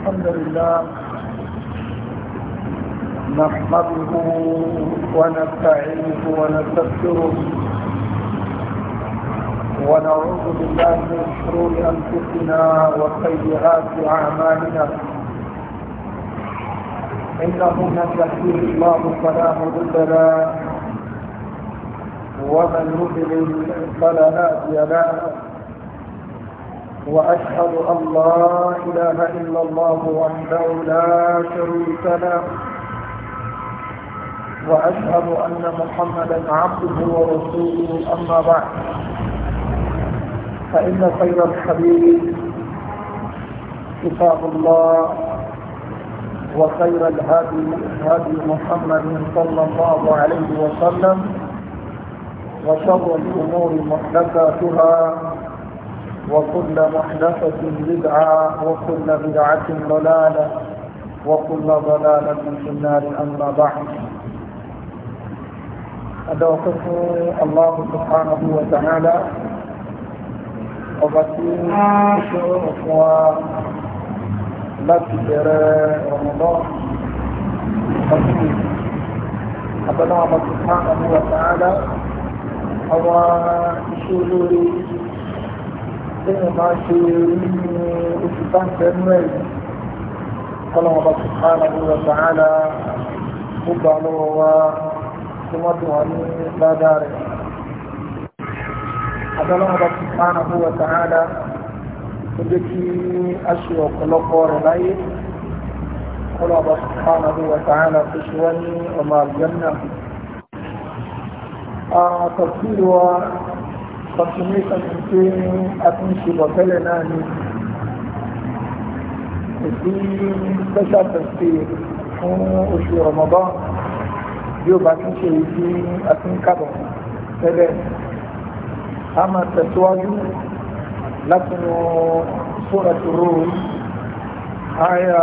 الحمد لله نحمده ونستعينه ونستغفره ونعوذ بالله من شرور انفسنا وسيئات اعمالنا انه من يهديه الله فلا مضل له ومن يضلل فلا هادي له وأشهد أن لا إله إلا الله وحده لا شريك له وأشهد أن محمدا عبده ورسوله أما بعد فإن خير الحديث كتاب الله وخير الهادي هادي محمد صلى الله عليه وسلم وشر الأمور محدثاتها وكل محدثة بدعة وكل بدعة ضلالة وكل ضلالة في النار أما بعد أدعوكم الله سبحانه وتعالى وبسيط شرف لكبر رمضان بسيط أبدا الله سبحانه وتعالى أو شرور tẹ́yìn máa ṣe nínú oṣù táǹkì ẹnu ẹ̀ kọ́lọ́wọ́n bá subhanahu wa ta'ala ó gbà lọ́wọ́ wa tí wọ́n ti wà ní ládàá rẹ̀. Adọ́lọ́wọ́n bá subhanahu wa ta'ala ó jẹ́ kí a ṣe ọ̀pọ̀lọpọ̀ rẹ̀ láyé kọ́lọ́wọ́n bá subhanahu wa ta'ala tó ṣe wá ní ọmọ àgbẹ̀ náà continuation tí a ti ń ṣe bọ̀ tẹ́lẹ̀ náà ni èsì special birthday fún oṣù Ramadan bí ó bá ti ń ṣe èyí tí a ti ń kàbọ̀ tẹ́lẹ̀ a máa tẹ̀síwájú láti nu sóràtúrò àyà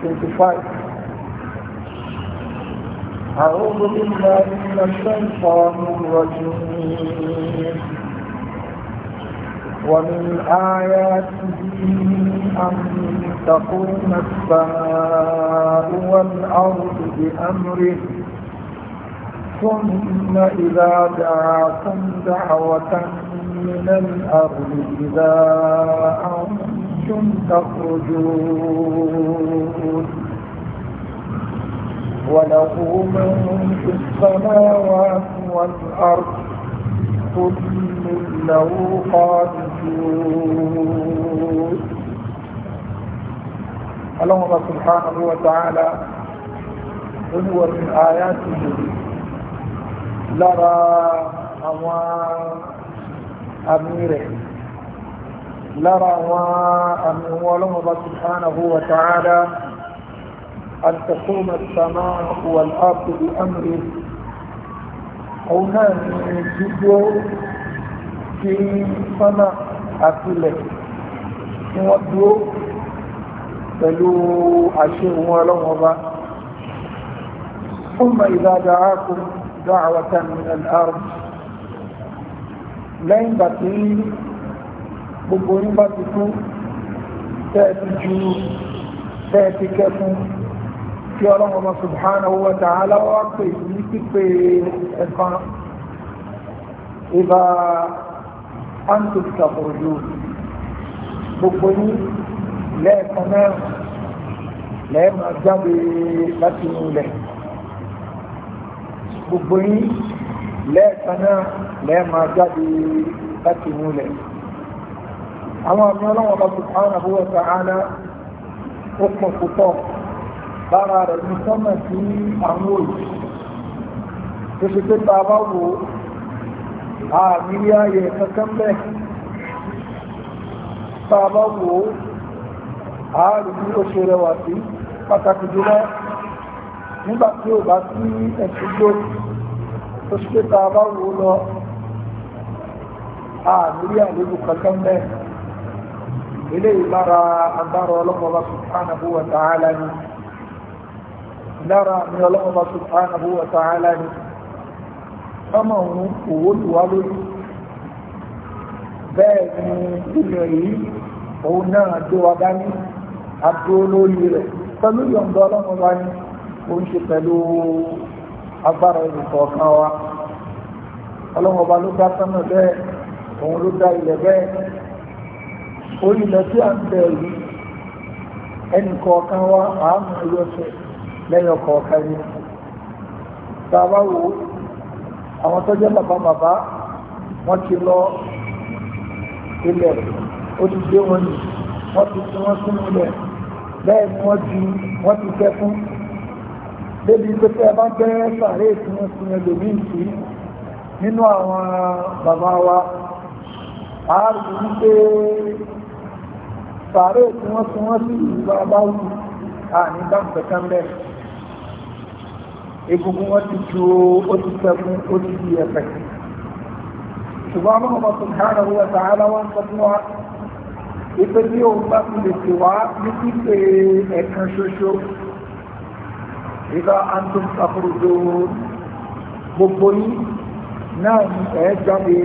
25 أعوذ بالله من الشيطان الرجيم ومن آياته أن تقوم السماء والأرض بأمره ثم إذا دعاكم دعوة من الأرض إذا أنتم تخرجون وله من في السماوات والأرض كل له قادسون اللهم سبحانه وتعالى هو من آياته لرى أمام أميره لرى أمام اللهم سبحانه وتعالى أن تقوم السماء والأرض بأمره أو نعم جدو في سماء أكله ودو pẹ̀lú àṣehun ọlọ́wọ́ bá ثم إذا دعاكم دعوة من الأرض lẹ́yìn ìgbà tí gbogbo yín bá ti kú kí ọlọ́run ọmọ subhanahu wa ta'ala wá pè ní pípé ẹ̀fọn ìbá antus kàfọ̀rọ̀dù gbogbo ní lẹ́ẹ̀kan náà lẹ́ẹ̀mà jáde láti inú ilẹ̀ gbogbo ní lẹ́ẹ̀kan náà lẹ́ẹ̀mà jáde láti inú ilẹ̀ àwọn àmì ọlọ́run ọmọ subhanahu wa ta'ala ó pọ̀ púpọ̀ lára rẹ̀ ní sọ́mọ̀ sí àwọn òjì tó ṣe pé ta bá wo àmì ayẹ kankan bẹ́ ta bá wo ààrùn ní ó ṣe rẹwà sí pàtàkì jùlọ nígbà tí ó bá sí ẹ̀ṣùgbó tó ṣe pé ta bá wo lọ àmì àlejò kankan bẹ́ ilé ìlara agbára ọlọ́mọba subhanahu wa ta'ala ni lára ní ọlọ́run bá subhanahu wa ta'ala ni ọmọ òun òwò lù lórí bẹ́ẹ̀ ni ilẹ̀ yìí òun náà dé wa dání adúró lórí rẹ̀ pẹ̀lú yọ̀ǹda ọlọ́run wa ni ó ń ṣe pẹ̀lú agbára ìrìnkọ̀ọ̀kan wa ọlọ́run ló dá sánà bẹ́ẹ̀ òun ló dá ilẹ̀ bẹ́ẹ̀ orí ilẹ̀ tí à ń bẹ̀ yìí ẹnìkọ̀ọ̀kan wa àánú ẹyọ sẹ́yìn lẹ́yìn ọkọ̀ ọ̀kan ni tá a bá wo àwọn tó jẹ́ bàbá bàbá wọ́n ti lọ ilẹ̀ ó ti gbé wọn nì wọ́n ti fi wọ́n sínú ilẹ̀ bẹ́ẹ̀ ni wọ́n ju wọ́n ti fẹ́ fún débi pé tẹ́ ẹ bá bẹ́ẹ̀ sàárè tí wọ́n sin ẹlòmíì sí nínú àwọn bàbá wa a rí i pé sàárè tí wọ́n sin wọ́n sí ìlú bàbá àní bá ń pẹ̀kan bẹ́ẹ̀ egungun wọn ti ju ó ti sẹ́kún ó ti di ẹ̀fẹ̀. ṣùgbọ́n àwọn ọmọ subhanahu wa ta'ala wọn sọ fún wa ipe tí òun bá fi lè ṣe wá ní pípe ẹ̀kan ṣoṣo ìgbà antum safurujo gbogbo yìí náà ni ẹ̀ jáde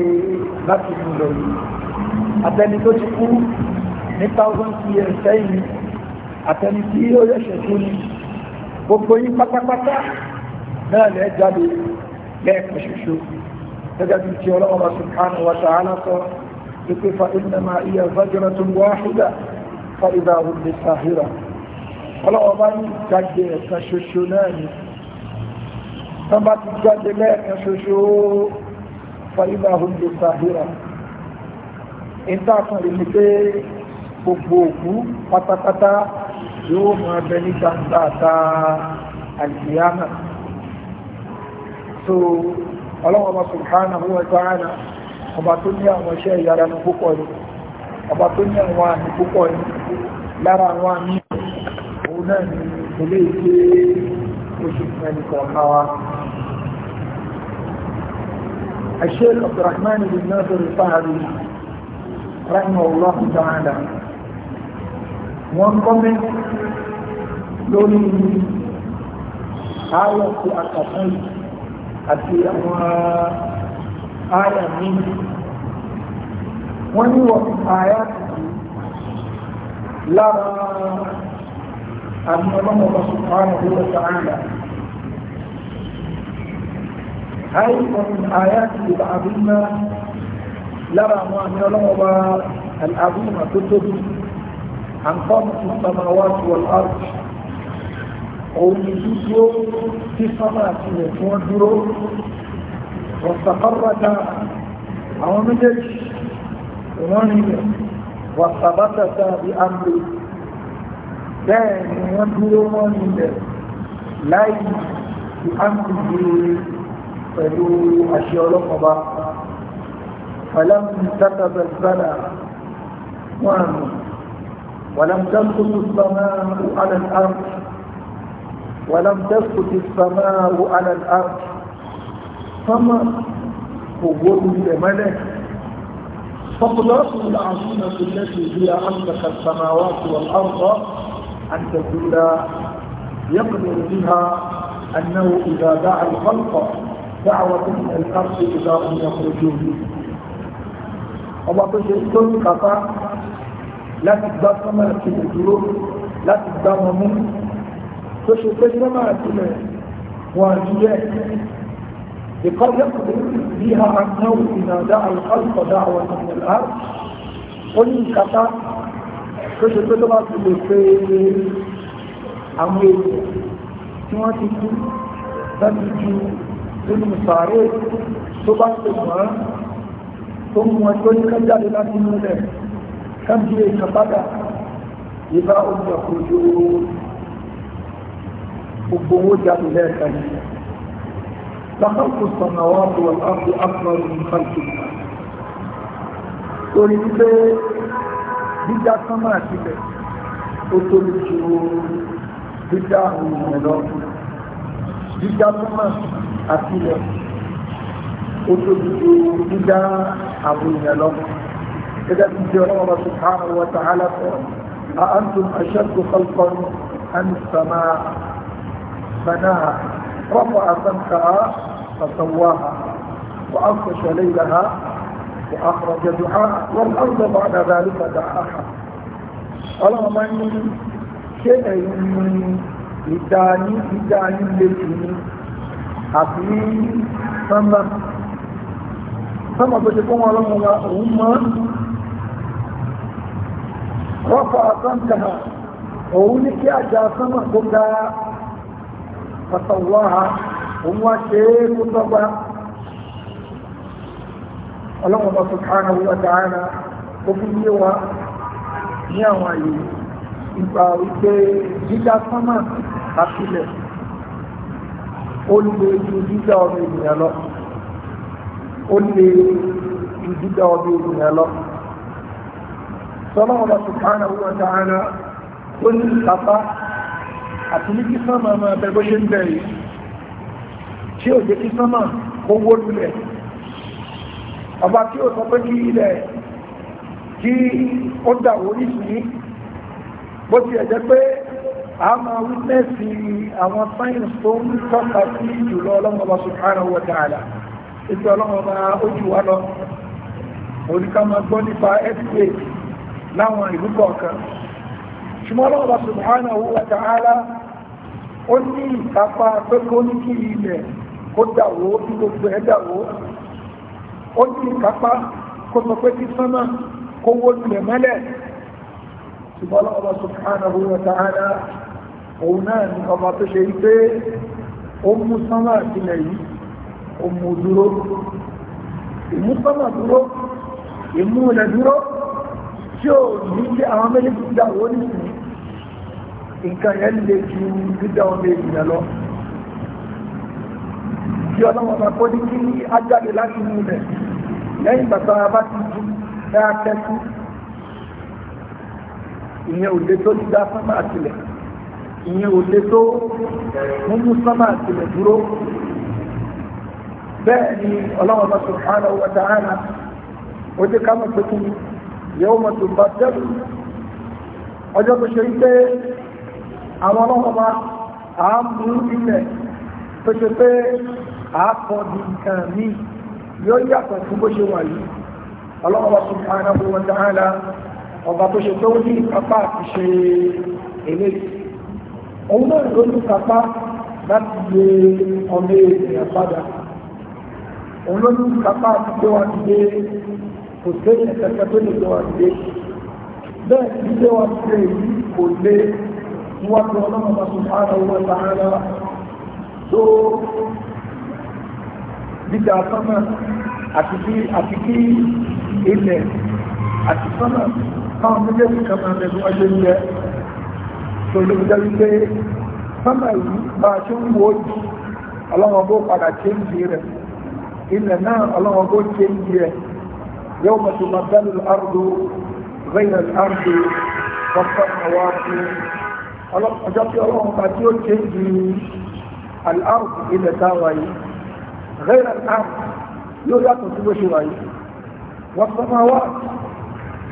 láti mú lọ yìí àtẹni tó ti kú ní thousand years sẹ́yìn àtẹni tí ó yẹ ṣẹ̀kú ni gbogbo yìí pátápátá náà lẹ́ jáde lẹ́ẹ̀kan ṣoṣo gẹ́gẹ́ bí ti ọlọ́wọ́ subhanahu wa ta'ala sọ wípé fa innama hiya zajratun wahida fa idha hum bis-sahira ọlọ́wọ́ bá ní jáde ẹ̀kan ṣoṣo náà ni wọ́n bá ti jáde lẹ́ẹ̀kan ṣoṣo fa idha hum bis-sahira ìtàkùn rí ni pé gbogbo òkú pátápátá yóò máa bẹ ní gbangba àta àlìyámà so ọlọ́wọ́ba subhanahu wa ta'ala ọba tó ní àwọn iṣẹ́ ìyára ní púpọ̀ ni ọba tó ní àwọn àmì púpọ̀ ni lára àwọn àmì òun náà ni ilé ìgbé oṣù ẹnìkọ̀ọ̀kan wa الشيخ عبد الرحمن بن ناصر الطهري رحمه الله تعالى وانضمن لولي آية الأقصى àti àwọn àyà mi wọ́n ní wọ́n àyà lára àmì ọlọ́mọba subhanahu wa ta'ala من آياته العظيمة لرى ما من العظيمة تتب عن خامس السماوات والأرض omi dúdú tí sọ́mà àti ilẹ̀ tí wọ́n dúró wọ̀sàkọ́rọ̀dá àwọn méjèèjì wọ́n rìnlẹ̀ wọ̀sàbátàtà bí àmì bẹ́ẹ̀ ni wọ́n dúró wọ́n rìnlẹ̀ láì bí àmì dúró pẹ̀lú àṣẹ ọlọ́mọba فلم تتبل بلى وأمن ولم تسقط السماء على الأرض ولم تسقط السماء على الأرض فما وجود الملك فقدرته العظيمة التي هي أملك السماوات والأرض أن تقول يقدر بها أنه إذا دعا الخلق دعوة من الأرض إذا هم يخرجون الله تجد كل قطع لا تقدر كما gbá sọ́mọ̀ ìdúró láti tó ṣe pé sọ́mà àtìlẹ̀ wọn àjíyẹ́ ìkọ́ yẹ́kùn bí ha àtàwù ìnàdá alùpàdà àwọn ìnàdá ó ní ìkàtà tó ṣe pé sọ́mà ti lè pé àwọn èèyàn tí wọ́n ti kú láti ju nínú sàárè tó bá ṣe wọ́n tó mú wọn tó ní ká láti múlẹ̀ ká bí èèyàn ìbá òun ọkọ̀ ojú gbogbo owó jáde lẹ́ẹ̀kan ní lákàtún sọ̀nàwọ́ àwọn àti àfúnàwọ̀ ìfàkì torí wípé dídá sánmà sílẹ̀ ó tóbi ju dídá àwọn ènìyàn lọ dídá sánmà àtìlẹ̀ ó tóbi ju dídá àwọn ènìyàn lọ gẹ́gẹ́ bí jẹ́ ọlọ́wọ́ subhanahu wa ta'ala sọ̀rọ̀ a antum ashaddu khalqan an as-samaa بناها رفع سمكها فسواها وأغطش ليلها وأخرج دعاء والأرض بعد ذلك دعاها اللهم إني شيء ìdáyín ìdáyín létí ní àbí sánmà sánmà tó ṣe fún wọn lọ́wọ́ wa òun mọ́ rọ́pàá sánkà òun ní kí àjà sánmà tó dáa fọ́tọ̀wọ́ha òun wá ṣe é kó tọ́gbá ọlọ́mọba subhanahu wa ta'ala ó fi yé wa ní àwọn àyè ìgbà wípé jíjá sánmà àtìlẹ̀ ó lè ju jíjá ọmọ ènìyàn lọ ó lè ju jíjá ọmọ ènìyàn lọ sọlọ́mọba subhanahu wa ta'ala ó ní ìtàpá àtúní kí sánmà máa bẹ bó ṣe ń bẹ yìí tí ò jẹ́ kí sánmà kó wó lulẹ̀ ọba tí ó sọ pé kí ilẹ̀ kí ó dà orí bó ti ẹ̀jẹ̀ pé a máa wítẹ́sì àwọn sáyẹ̀nsì tó ń tọ́ka sí jùlọ ọlọ́mọba subhanahu wa ta'ala ètò ọlọ́mọba ojú wa lọ oríkà máa gbọ́ nípa ẹ́sìlẹ̀ láwọn ìlú kọ̀ọ̀kan ṣùgbọ́n Allah subhanahu wa ta'ala ó ní ìkápá pé kó ní kí ilẹ̀ kó dàwó kí gbogbo ẹ̀ dàwó ó ní ìkápá kó sọ pé kí sánmà kó wó ilẹ̀ mẹ́lẹ̀ ṣùgbọ́n Allah subhanahu wa ta'ala òun náà ìmú ilẹ̀ dúró tí ò ní kí àwọn méjèèjì dàwó nìyí nǹkan yẹn lè ju dídá ọmọ ènìyàn lọ ndị ọlọ́wọ́n bá kọ́ ní kí á jáde láti inú rẹ̀ lẹ́yìn bàtà bá ti ju dáa kẹ́kú ìyẹn ò lè tó dídá sánmà àtìlẹ̀ ìyẹn ò lè tó múmú sánmà àtìlẹ̀ dúró bẹ́ẹ̀ ni ọlọ́wọ́n bá wa àwọn ọlọ́mọba à ń mú ilẹ̀ tó ṣe pé àápọ̀ di nǹkan míì yóò yàtọ̀ fún bó ṣe wà yìí ọlọ́mọba subhanahu wa ta'ala ọba tó ṣe tó ní ìkápá àti ṣe èlé òun náà ló ní ìkápá láti gbé ọmọ ènìyàn padà òun ló ní ìkápá àti gbé wa dìde kò sí ẹ̀kẹ́kẹ́ tó lè gbé wa dìde bẹ́ẹ̀ ti gbé wa dìde yìí kò lé níwájú ọlọ́mọba subhanahu wa ta'ala tó dídá sọ́nà àti kí àti kí ilẹ̀ àti sọ́nà táwọn méjèèjì kan máa lẹ́nu ọjọ́ ń jẹ́ tó ló jẹ́ wípé sọ́nà yìí bá a ṣe ń wo jù ọlọ́mọbó padà ṣe ń di rẹ̀ ilẹ̀ náà ọlọ́mọbó ṣe ń di rẹ̀ yóò mọ̀tò mọ̀tò lárúdó غير الأرض والسماوات ọjọ́ tí ọlọ́run bá tí ó ṣe ju aláàrùn ilẹ̀ tá a wáyé rẹ́rẹ́ aláàrùn yóò yàtọ̀ sí bó ṣe wáyé wọ́n sọ máa wá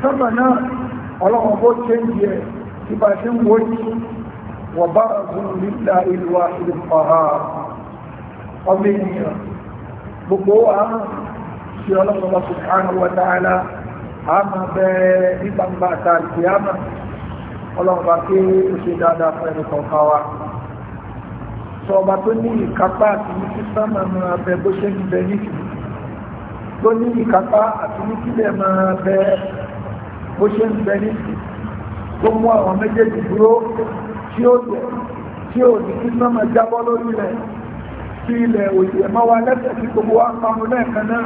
sọ́mà náà ọlọ́run bó ṣe ń yẹ tí bá ṣe ń wọ́yí wọ́n bá ọdún nílá ìlú wa ìlú pàhà ọmọ ènìyàn gbogbo àrùn tí ọlọ́run ọlọ́run bá pé ó ṣe dáadáa fún ẹni kọ̀ọ̀kan wa sọ ọba tó ní ìkápá àti ní sísá máa máa bẹ bó ṣe ń bẹ níbi tó ní ìkápá àti ní sílẹ̀ máa bẹ bó ṣe ń bẹ níbi tó mú àwọn méjèèjì dúró tí ó tẹ̀ ní sísá máa jábọ́ lórí rẹ̀ tí ilẹ̀ òjì ẹ̀mọ́ wa lẹ́sẹ̀ tí gbogbo wa pamọ́ lẹ́ẹ̀kan náà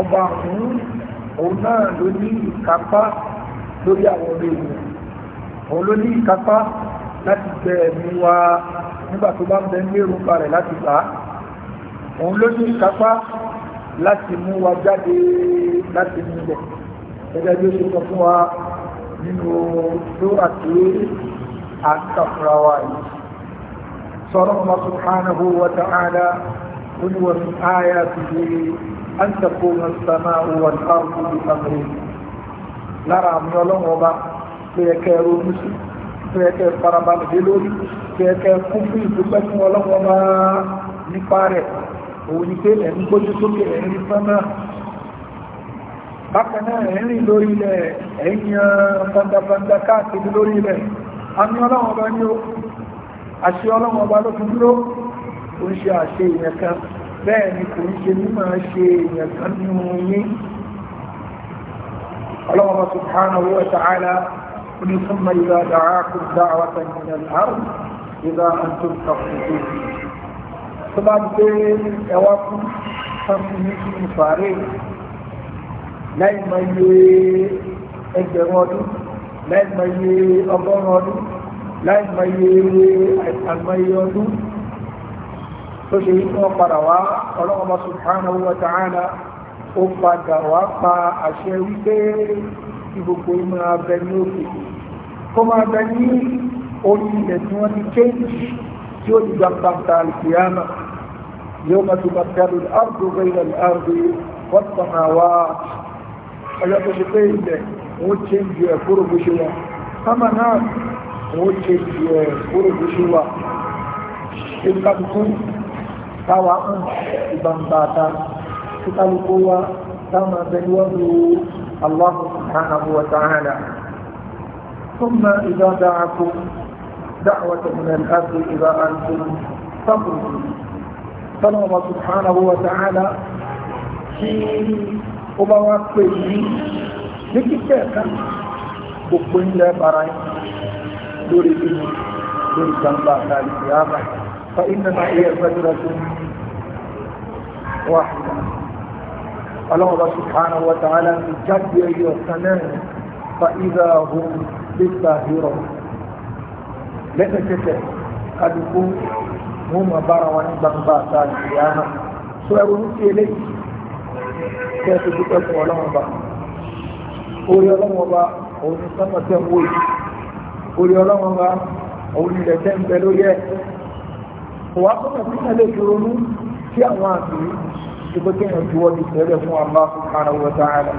ọba ọ̀hún òun náà ló ní ìkápá lórí àwọn ọmọ ènìyàn òun ló ní ìkápá láti gbẹ ẹ̀mí wa nígbà tó bá ń bẹ ní èròǹgbà rẹ̀ láti gbà á òun ló ní ìkápá láti mú wa jáde láti mú ilẹ̀ gẹ́gẹ́ bí ó ṣe sọ fún wa nínú tó àti àkàfúra wa yìí sọ̀rọ̀ ọmọ subhanahu wa ta'ala ó ní wọn áyà ti di an takuna as-sama'u wal ardu bi lára àmì ọlọ́wọ́ bá tó yẹ kẹ́ ronú sí tó yẹ kẹ́ farabalẹ̀ dé lórí tó yẹ kẹ́ kún fún ìdúpẹ́ fún ọlọ́wọ́ bá nípa rẹ̀ òun ni pé ẹ̀ ń gbójú sókè ẹ̀ ń rí sánà bákan náà ẹ̀ ń rìn lórí ilẹ̀ ẹ̀yìn fandafanda káàkiri lórí ilẹ̀ a ní ọlọ́wọ́ bá ní o àṣẹ ọlọ́wọ́ bá ló fi dúró ó ń ṣe àṣẹ ìyẹn bẹ́ẹ̀ ni kò ń ṣe mímọ̀ قل ثم إذا دعاكم دعوة من الأرض إذا أنتم تخرجون طبعا ẹwàkú sọmọmí kí n fàárẹ̀ láì máa yé ẹgbẹ̀rún ọdún láì máa yé ọgọ́rùn ọdún láì máa yé àìmọye ọdún tó subhanahu wa ta'ala ó padà kí gbogbo inú abẹ ní òkè kó máa bẹ ní orí ilẹ̀ tí wọ́n ti kéjì tí ó ti gba pàtà àlùkìyàmà yóò máa ti pàtà àrùdó bẹ́ẹ̀ ilẹ̀ àrùdó wọ́n ti pàmà wá ọjọ́ tó ṣe pé ilẹ̀ wọ́n ṣe ń ju ẹ̀ kúrò bó ṣe wà sámà náà wọ́n ṣe ń ju ẹ̀ kúrò bó ṣe wà ṣe ń táwa ń ìbàǹbà ta ṣe kálukú wa táwọn abẹ ní wọ́n lu الله سبحانه وتعالى ثم إذا دعاكم دعوة من الأرض إذا أنتم تخرجون فالله سبحانه وتعالى في أبواك لكتابة بقوين لا براين دوري بني دوري جنبا ذلك يا فإنما هي زجرة واحدة ọlọ́run subhanahu wa ta'ala ti jáde ẹyọ kan náà fa ìdá ohun lẹ́gbà hírọ̀ lẹ́sẹ̀kẹsẹ̀ kálukú wọn máa bára wọn ní gbangba àtàlù ìyáhà sọ ẹrú ní ti eléyìí kí ẹ ti dúpẹ́ fún ọlọ́run ọba orí ọlọ́run ọba òun ní sọ́mọ tẹ́ ń wó yìí orí ọlọ́run ọba òun ní ilẹ̀ ń bẹ lórí ẹ̀ òwá sọ́mọ tí wọ́n lè dúró ní sí àwọn àgbèrè ṣùgbọ́n kí èèyàn juwọ́ di tẹ́lẹ̀ fún Allah subhanahu wa ta'ala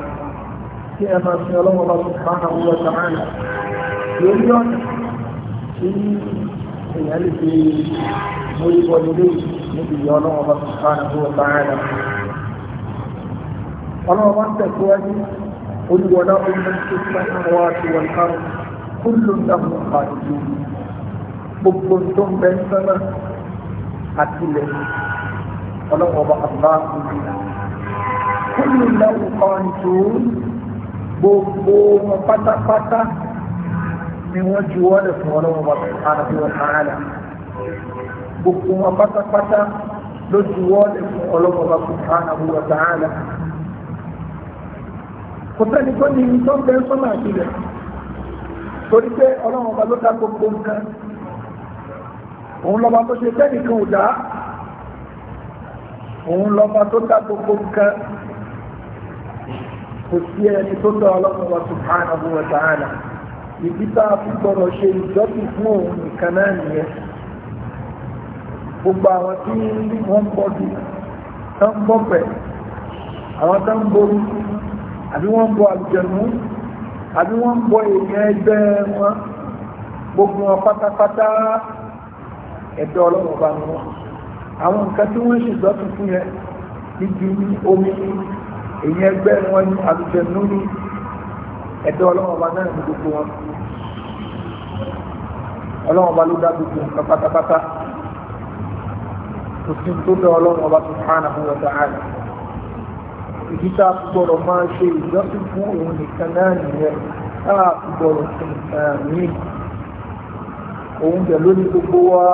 kí ẹ máa sin ọlọ́wọ́ Allah subhanahu wa ta'ala lórí ọ̀nà tí èèyàn lè fi mórí bọ́ lórí níbi ìyá ọlọ́wọ́ Allah subhanahu wa ta'ala ọlọ́wọ́ máa ń tẹ̀síwájú olùwọ́lá omi tó sọ́nà wá sí wọn kárùn kúlùm dáhùn àdúgbò gbogbo tó ń bẹ sọ́nà ọlọ́pọ̀ ọba àbúrò kúlù lẹ́wù kan tó gbogbo wọn pátápátá ni wọ́n ju wọ́lẹ̀ fún ọlọ́wọ́ ọba ààrẹ gbogbo wọn pátápátá ló ju wọ́lẹ̀ fún ọlọ́wọ́ ọba ààrẹ kò sẹ́ni tó ní tó ń bẹ sọ́nà àtìlẹ̀ torí pé ọlọ́wọ́ ọba ló dá gbogbo nǹkan òun lọ́ba tó ṣe sẹ́nìkan ò dáa òun lọ́ba tó dá gbogbo e kò sí ẹni tó dá ọlọ́run wa subhanahu wa ta'ala ìdí tá a fi gbọ́dọ̀ ṣe ìjọ́sìn fún òun nìkan náà nìyẹn gbogbo àwọn tí wọ́n ń bọ́dù tán ń àwọn tán ń àbí wọ́n àbí wọ́n èèyàn ẹgbẹ́ gbogbo wọn pátápátá ẹ̀dọ́ àwọn nǹkan tí wọ́n ṣe ìdọ́tún fún yẹn níbi omi èyí ẹgbẹ́ wọn ní àlùjẹ̀nú ní ẹ̀dọ́ ọlọ́mọba náà ní gbogbo wọn ọlọ́mọba ló dá gbogbo nǹkan pátápátá kò sí tó dá ọlọ́mọba subhanahu wa ta'ala ìdí tá a gbọ́dọ̀ máa ṣe ìjọsìn fún òun nìkan náà nìyẹn tá a gbọ́dọ̀ sí nǹkan òun jẹ̀ lónìí gbogbo wa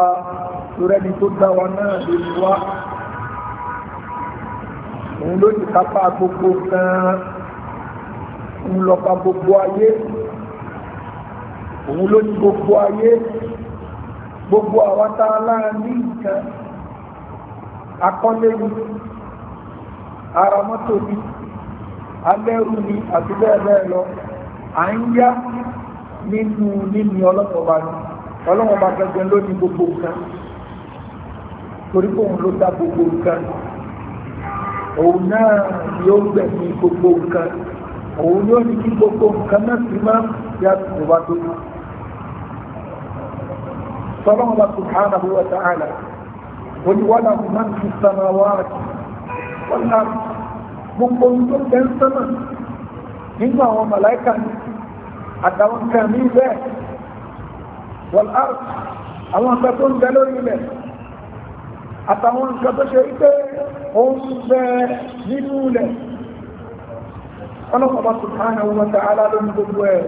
lórẹ́ni tó dá wa náà lè ní wá òun ló ti kápá gbogbo gan-an òun lọ́ba gbogbo ayé òun ló ní gbogbo ayé gbogbo àwọn tá a lára ní nǹkan akọ́lé ni ara mọ́tò ni alẹ́rù ni àti bẹ́ẹ̀ bẹ́ẹ̀ lọ à ń yá nínú nínú ọlọ́mọba ọlọ́mọba gẹ́gẹ́ ló ní gbogbo nǹkan torí pé òun ló dá gbogbo nǹkan òun náà yóò gbẹ̀mí gbogbo nǹkan òun yóò ní kí gbogbo nǹkan náà sì máa yá tó bá tó náà فالله سبحانه وتعالى قل وله من في السماوات والأرض ممكن كان سما إما هو ملائكة أدوان كامل والأرض الله تكون دلوي له àtàwọn nǹkan tó ṣe wípé òun bẹ nínú ilẹ̀ ọlọ́pàá subhanahu wa ta'ala ló ní gbogbo ẹ̀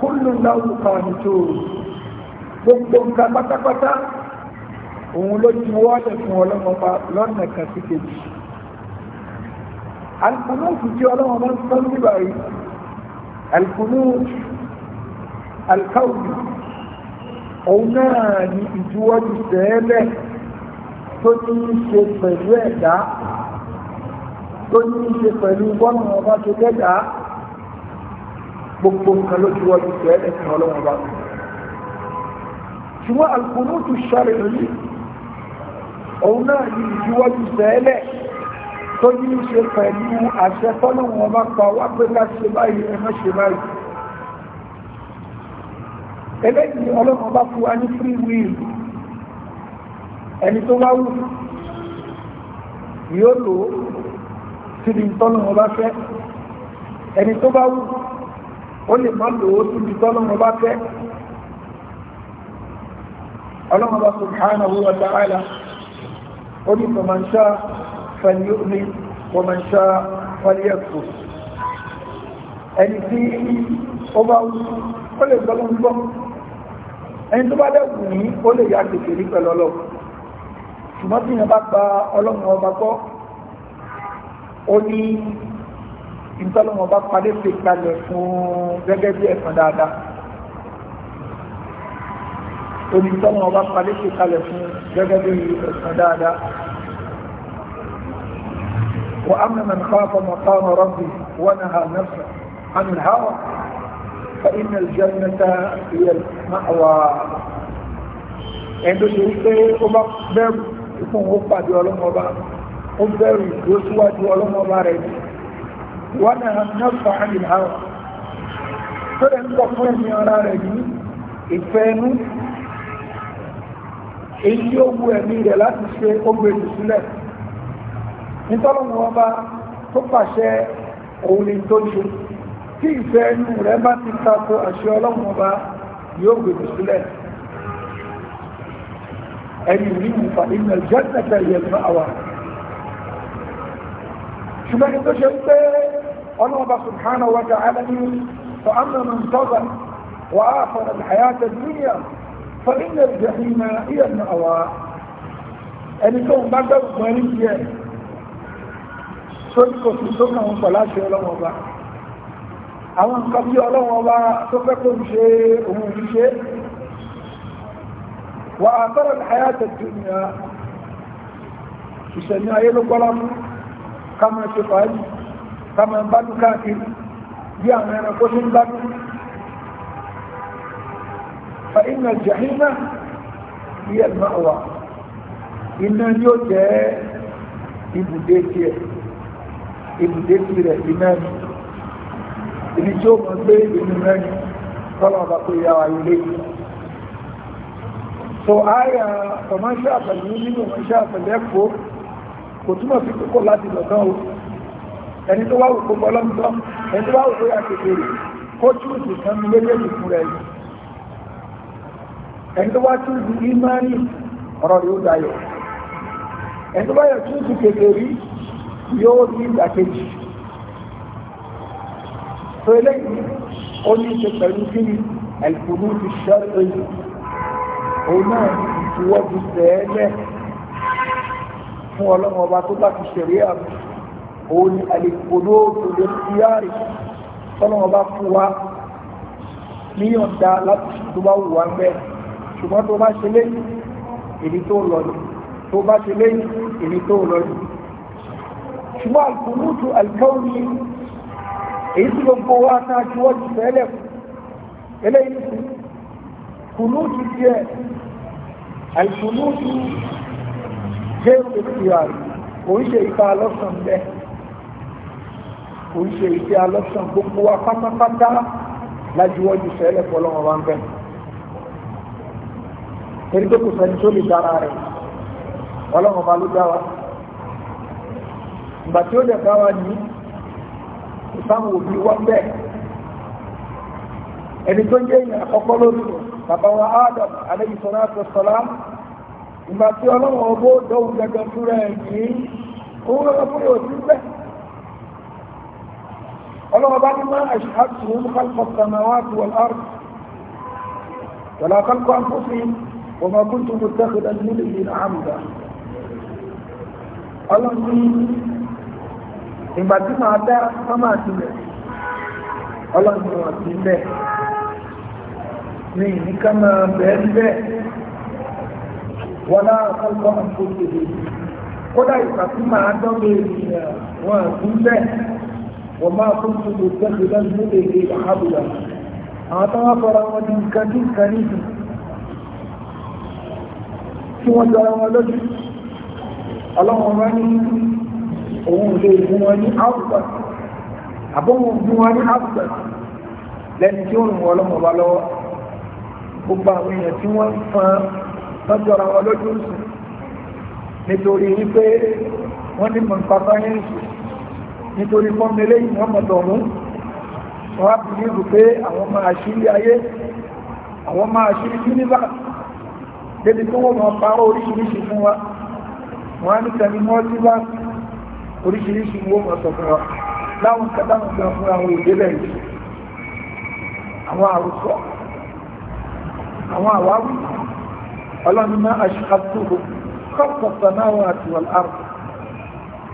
kullun lahu qanitun gbogbo nǹkan pátápátá òun ló ti wọ́ọ̀lẹ̀ fún ọlọ́pàá lọ́nà kan sí kejì alkunúùtù tí ọlọ́wọ́ ń sọ nígbà yìí alkunúùtù alkaudi òun náà ni ìjuwọ́jú sẹ́ẹ̀lẹ̀ tó ní í ṣe pẹ̀lú ẹ̀dá tó ní í ṣe pẹ̀lú bọ́nà ọba tó dẹ́dá gbogbo nǹkan ló ti wọ́n ti tẹ̀ ẹ̀sìn ọlọ́run ọba. ṣùgbọ́n àlùkùnú ti ṣàrẹ̀ lórí òun náà ní ìdíwọ́jú sẹ́ẹ̀lẹ̀ tó ní í ṣe pẹ̀lú àṣẹ tọ́lọ́run ọba pa wá pé ká ṣe báyìí ẹ má ṣe báyìí. eléyìí ọlọ́run ọba fún wa ní free will ẹni tó bá wù yóò lò ó síbi tọ́nà wọn bá fẹ́ ẹni tó bá wù ó lè má lò ó síbi tọ́nà wọn bá fẹ́ ọlọ́run bá subhanahu wa ta'ala ó ní faman sha'a falyu'min wa man ẹni tí ó bá wù ó lè gbọ́lọ́ ń ẹni tó bá dẹ̀ wù ní ó lè yá kékeré pẹ̀lú ọlọ́run ṣùgbọ́n bí yẹn bá gba ọlọ́run ọba gbọ́ ó ní ìtọ́lọ́run ọba padé fi kalẹ̀ fún gẹ́gẹ́ bí ẹ̀sán dáadáa ó ní ìtọ́lọ́run ọba padé fi kalẹ̀ fún gẹ́gẹ́ bí ẹ̀sán dáadáa wa amma man khafa maqama rabbih wa naha nafsa an al-hawa fa inna al-jannata hiya al-ma'wa ẹ̀dọ́ ṣe wípé ó bá bẹ̀rù fún ó pàdé ọlọ́mọba ó bẹ̀rù ìdó síwájú ọlọ́mọba rẹ̀ ni wọ́n náà nọ́fà ìlàwọ̀ tó lè ń pọ̀ fún ẹ̀mí ara rẹ̀ ní ìfẹ́ ẹnu èyí ó mú ẹ̀mí rẹ̀ láti ṣe ó gbèrú sílẹ̀ nítọ́lọ́mọba tó pàṣẹ òun ni tó ṣe tí ìfẹ́ ẹnu rẹ̀ bá ti tako àṣẹ ọlọ́mọba yóò gbèrú sílẹ̀ ẹni ríwù fa iná jẹ́nẹ̀tẹ̀ yẹnu àwà ṣùgbọ́n tó ṣe ń pé ọlọ́ọ̀bá subhanahu wa ta'ala ni fa amma man tọ́gbà wa áfàrà àyàtà dúníà fa iná jẹ́hìnà ìyẹnu àwà àwọn nǹkan bí ọlọ́wọ́ba tó fẹ́ kó ń ṣe òun ń وآخر الحياة الدنيا يسمى إيه إلى قلم كما تقال كما بان كافر يعني أنا قسم فإن الجحيم هي المأوى إن اليوتى إبن ديتي إبن ديتي الإمام إن جوم البيت إبن ماني طلب قياء إليه so àyà ọmọṣẹ́ àpẹ̀lú nínú ọmọṣẹ́ àpẹ̀lẹ́kọ́ kò túnmọ̀ sí kókò láti lọ́tán o ẹni tó wá òkú bọ́lọ́mtọ́ ẹni tó wá òkú yà kékeré kó túùsì kan ní méjèèjì fún rẹ̀ yìí ẹni tó wá túùsì ìmánì ọ̀rọ̀ yóò dayọ̀ ẹni tó bá yẹ túùsì kékeré yóò ní ìdàkejì tó eléyìí ó ní í pẹ̀lú kí ni ti ṣẹ́rẹ̀ òun náà ní ìfowópamọ́ sẹ́ẹ̀lẹ̀ fún ọlọ́run ọba tó bá ti ṣẹ̀rí àmì òun ni àlèkòdó òdòdó kíárì ọlọ́run ọba fún wa níyànjá láti tó bá wù wá ń bẹ́ẹ̀ ṣùgbọ́n tó bá ṣe lẹ́yìn èyí tó lọ ni tó bá ṣe lẹ́yìn èyí tó lọ ni ṣùgbọ́n àlùkùnútù àlùkọ́ọ̀nì èyí tí gbogbo wa náà ṣíwọ́jú sẹ́lẹ̀ eléyìí kùnúùtù díẹ̀ àìkùnúùtù jẹ́rù ìfìyàrí kò ń ṣe ìta alọ́sàn bẹ́ kò ń ṣe ìta alọ́sàn gbogbo wa pátápátá lájúwọ́jú sẹ́lẹ̀ pọ́lọ́wọ́ wa ń bẹ̀ torí pé kò sẹ́ni tó lè dára rẹ̀ ọlọ́run ọba ló dá wa ìgbà tí ó ẹni tó ń jẹ́ ìyẹn àkọ́kọ́ bàbá wa Adam alayhi salatu wa salam ìgbà tí ọlọ́run ọgbó dọ́wù gẹ́gẹ́ fúnra ẹ̀ ní òun lọ́wọ́ fún yóò sí bẹ́ẹ̀ ọlọ́run bá ní máa ashhadtu hum khalqa samawati wal ard wala khalqa anfusihim wa ma ní ìgbà tí màá dá sọ́mà ní ìníká máa bẹ̀ẹ́ bẹ́ẹ̀ wọ́n lára kọ́kọ́ àkókò kódà ìpàtí máa dọ́gbé ènìyàn wọn àdún bẹ́ẹ̀ wọ́n máa fún tuntun gbẹ́gbẹ́ lọ́dún èdè àhábùlà àwọn tó wá fọ́ra wọn ní nǹkan ní nǹkan níbi tí wọ́n jọra wọn lójú ọlọ́wọ́n wá ní òun lè mú wọn ní áwùgbà àbọ̀wọ̀n mú wọn ní áwùgbà lẹ́ni tí ó rùn wọn lọ́mọ bá lọ́wọ́ gbogbo àwọn èèyàn tí wọ́n fan lọ́jọ́ra wọn lójú sùn nítorí wípé wọ́n ní mọ̀ nípa sáyẹ́ǹsì nítorí fọ́nmẹ́lẹ́ yìí wọ́n mọ̀ tọ̀rún wọ́n á bí nírù pé àwọn máa ṣírí ayé àwọn máa ṣírí universe débi tó wọ́n máa parọ́ oríṣiríṣi fún wa wọ́n á ní tẹ̀lé mọ́tíwá oríṣiríṣi wọ́n mọ̀ sọ fún wa láwọn kẹta ń gbà fún àwọn òdébẹ̀ yìí àwọn àrùsọ àwọn àwáwí ọlọ́run máa aṣáájú kọ́pọ̀ sanáwó àti wàlárù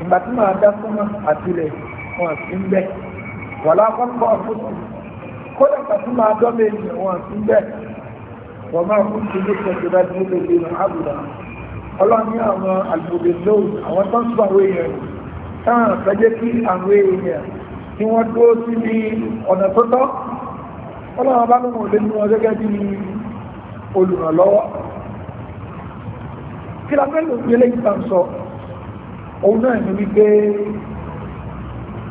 ìgbà tí máa dá sọ́mọ́ àtìlẹ̀ wọn sí ń bẹ́ wàlá kọ́pọ̀ àfúnṣe kódà ìgbà tí máa dọ́ bẹ́ẹ̀ ni wọn sí ń bẹ́ wọ́n máa kú sí ilé ìtọ́jú bá dúró lórí ìlú àbúrò ọlọ́run ní àwọn àlùbọ̀dé lóhùn àwọn tó ń sọ àwọn èèyàn táwọn àfẹ́jẹ́ kí àwọn èèyàn tí wọ́n dúró sí ní ọ̀nà tó tọ́ ọlọ́run bá lóhùn òde nínú ọjọ́ gẹ́gẹ́ bí olùrànlọ́wọ́ kí la fẹ́ lòdì eléyìí tá ń sọ òun náà ní wípé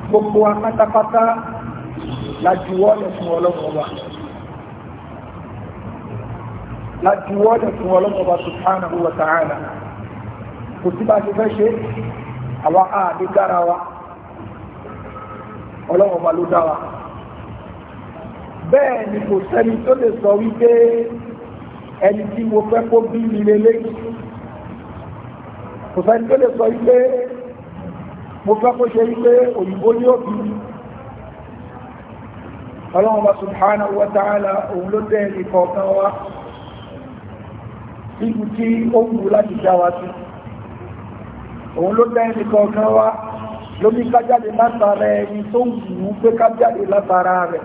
gbogbo wa pátápátá la juwọ́ lẹ̀ fún ọlọ́run ọba la juwọ́ lẹ̀ fún kò sí bá a fẹ́ ṣe àwa àdé dára wa ọlọ́run ló dá bẹ́ẹ̀ ni kò sẹ́ni tó lè sọ wípé ẹni tí mo fẹ́ kó bí mi lélẹ́ kò sẹ́ni tó lè sọ wípé mo fẹ́ kó ṣe wípé òyìnbó ní òbí ọlọ́run wa subhanahu wa ta'ala òun ló dẹ́ ẹni kọ̀ọ̀kan wa ibi tí ó wù láti dá wa sí òun ló dẹ́ ẹni kọ̀ọ̀kan wa lómi kájáde látara ẹni tó wù ú pé kájáde látara rẹ̀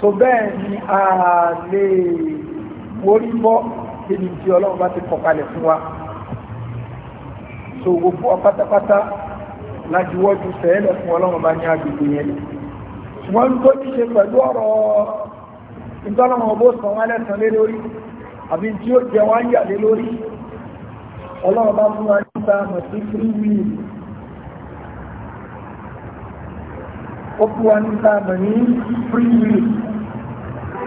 so bẹ́ẹ̀ ni a lè mórí bọ́ níbi tí ọlọ́run bá ti kọkalẹ̀ fún wa so gbogbo pátápátá lájúwọ́jú sẹ́ẹ̀lẹ̀ fún ọlọ́run bá ní agbègbè yẹn ṣùgbọ́n tó ti ṣe pẹ̀lú ọ̀rọ̀ ìtọ́lọ́run ọbọ̀ sàn wọ́n ó jẹ wa níta mọ̀ free will ó fún ní free will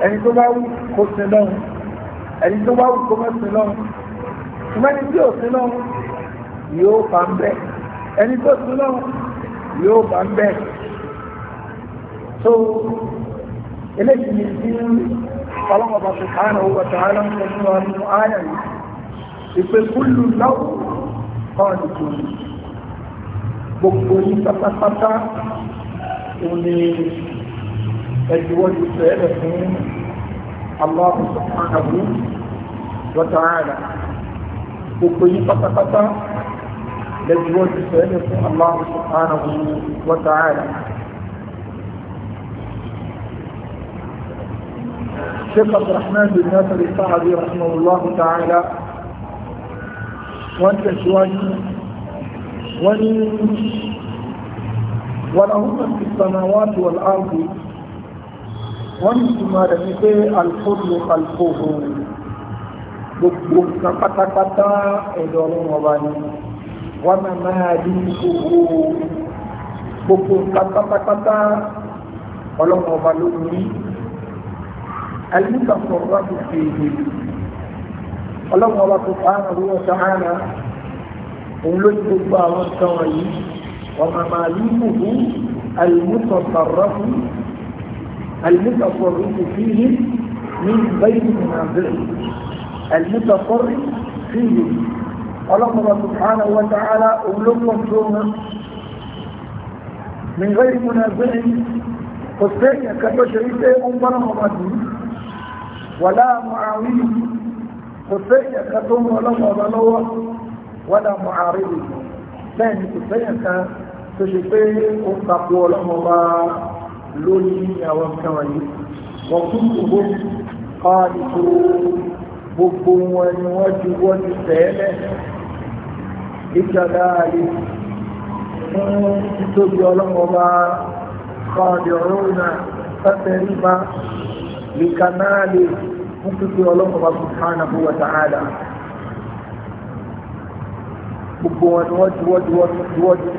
ẹni tó bá wù kó sin lọ́hùn ẹni tó bá wù kó mọ́ sin lọ́hùn ìmọ̀ni tí ò sin lọ́hùn yóò bá ń bẹ́ ẹni tó sin lọ́hùn yóò bá ń bẹ́ so eléyìí ni bí ọlọ́mọba subhanahu wa ta'ala ń sọ fún wa nínú ayà yìí ìpè kúlù lọ́wọ́ ọ̀nà ìtòlù gbogbo yìí pátápátá òní ẹ̀dùwọ́dù fẹ́ẹ̀rẹ̀ fún الله سبحانه وتعالى وكي فتقطع لجوز سيئة الله سبحانه وتعالى شيخ عبد الرحمن بن ناصر الصعدي رحمه الله تعالى وانت شواني وني وله في السماوات والارض wọ́n ní ìtumọ̀ rẹ̀ ní pé alfóònù alfóònù gbogbo nǹkan pátápátá ẹ̀dọ̀ ọlọ́run ọba ni wọ́n máa máa di gbogbo gbogbo nǹkan pátápátá ọlọ́run ọba ló ní àyíká sọ̀rọ̀ láti fi èdè ọlọ́run ọba tó fàánà lọ́wọ́ sàánà òun ló ti gbogbo àwọn nǹkan wọ̀nyí wọ́n máa máa yí gbogbo àyíká sọ̀rọ̀ láti fi المتصرف فيه من بين منازعه المتصرف فيهم الله سبحانه وتعالى أولوكم شونا من غير منازع والثانية كتشريفه أمبر ومدين ولا معاوين والثانية كتوم ولا مبالوة ولا معارض ثاني والثانية كتشريفه أمبر مبادي lórí àwọn nǹkan wọ̀nyí wọ́n kún gbogbo káàdì tó gbogbo wọn ni wọ́n ju wọ́n ti fẹ́ẹ́lẹ̀ ìjọba ààyè fún títóbi ọlọ́mọba káàdì ọ̀rọ̀ náà fẹ́fẹ́ rí bá fún títóbi ọlọ́mọba subhanahu wa ta'ala gbogbo wọn ni wọ́n juwọ́ juwọ́ juwọ́ ju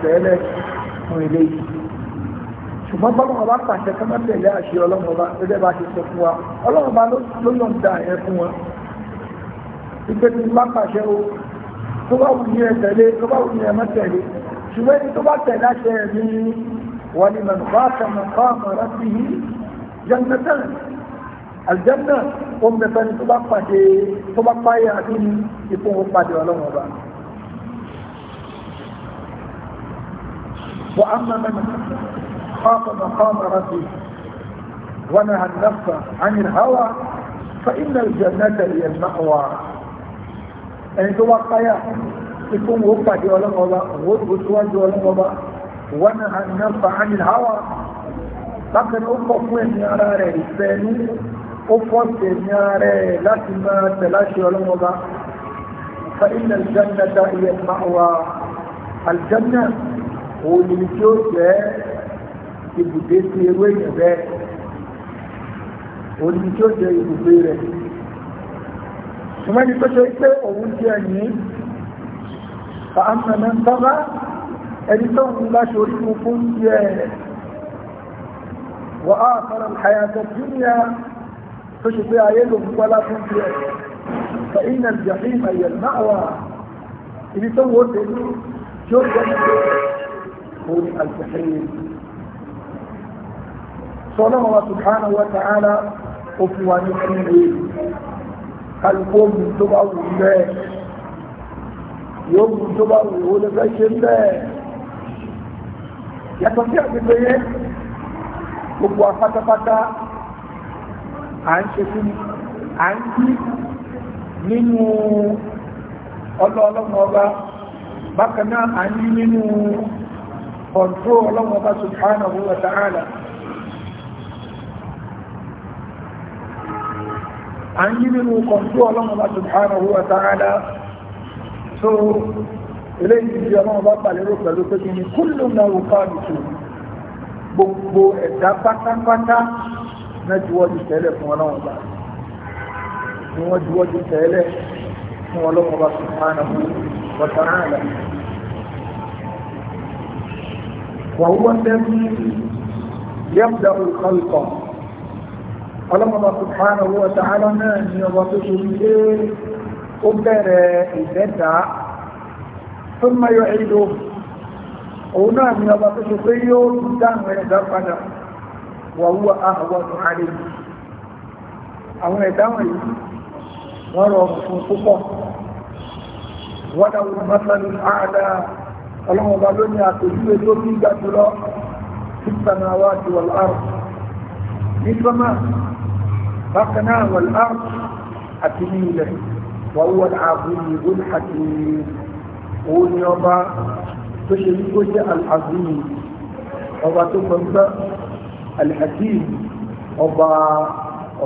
fún ilé yìí ṣùgbọ́n bọ́lá ọba pàṣẹ kí wọ́n tẹ̀lé àṣẹ ọlọ́run ọba gẹ́gẹ́ bá ṣe sọ fún wa ọlọ́run ọba ló yọ̀ǹda ẹ̀ fún wọn ìpè tí bá pàṣẹ o tó bá wù ní ẹ tẹ̀lé tó bá wù ní ẹ mọ́ tẹ̀lé ṣùgbọ́n ẹni tó bá tẹ̀lé àṣẹ ẹ̀ ní wà ní mọ̀ bá kàmọ̀ bá àmọ̀ràn sí yìí jẹ́nẹ́tàn àlùjẹ́nà ó ń ni tó bá pàdé tó bá páyé àti ní ipò خاف مقام ربي ونهى النفس عن الهوى فإن الجنة هي المأوى يعني أنت وقيا تكون وقع جوالا قضاء وقصوى جوالا قضاء ونهى النفس عن الهوى لكن أقوى فوين نارا رسالي وين يا نارا لا ما تلاشي ولا قضاء فإن الجنة هي المأوى الجنة هو اللي بيجوز ibùdé sí ewé yẹn bẹ́ẹ̀ òní tó jẹ ibùgbé rẹ̀ ṣùgbọ́n ní tó ṣe pé òun jẹ́ ẹ̀yìn fàámẹ́mẹ́ tọ́lá ẹni tó ń láṣọ orí fún jẹ́ wà á fara àyàtọ̀ dúnìyà tó ṣe pé ayé ló ń pọ́lá fún jẹ́ fa iná jàmí ayẹ̀l náà ibi tó wọ́n tẹ̀lé tí ó jẹ́ ní pé òun àjẹ́hìn sọ́lọ́mọ wa subhanahu wa ta'ala ó fún wa ní fún ìwé kálukú omi tó bá wù bẹ́ẹ̀ yóò mú tó bá wù ó lè fẹ́ ṣe bẹ́ẹ̀ yàtọ̀ sí àgbègbè yẹn gbogbo apátápátá à ń ṣe fún à ń kí nínú ọlọ́ọlọ́mọ ọba bákan náà à ń yí nínú kọ̀ǹtró ọlọ́mọ ọba subhanahu wa ta'ala. à ń yí nínú kọ̀ǹtú ọlọ́mọba subhanahu wa ta'ala so eléyìí ti ọlọ́mọba pàlérò pẹ̀lú pé kí ni kúlù náà wò káàdì tó gbogbo ẹ̀dá pátápátá náà juwọ́ tẹ́lẹ̀ fún ọlọ́mọba ni wọ́n juwọ́ tẹ́lẹ̀ fún ọlọ́mọba subhanahu wa ta'ala wàhúwọ́n tẹ́lẹ̀ yẹ́pùdà òkàlùkọ̀ọ́ ọlọ́mọba subhanahu wa ta'ala náà ni ọba tó ṣe wípé ó bẹ̀rẹ̀ ìdẹ́ta tó ń mayọ ẹ̀dọ òun náà ni ọba tó ṣe pé yóò tún dáhùn ẹ̀dá padà wà wúwa àwọn ọdún àrẹ àwọn ẹ̀dá wọ̀nyí wọ́n rọrùn fún púpọ̀ wọ́n dáwọn àádá ọlọ́mọba ló ní àtòjúwe tó bí gbàjúlọ sísànáwá àti wàlárùn ní sọ́mà bákan náà wal ard àti ní ilẹ̀ wà wọ́n al-azizul hakim òun ni ọba tó ṣe ní kó jẹ́ al-azim ọba tó kọjá al-hakim ọba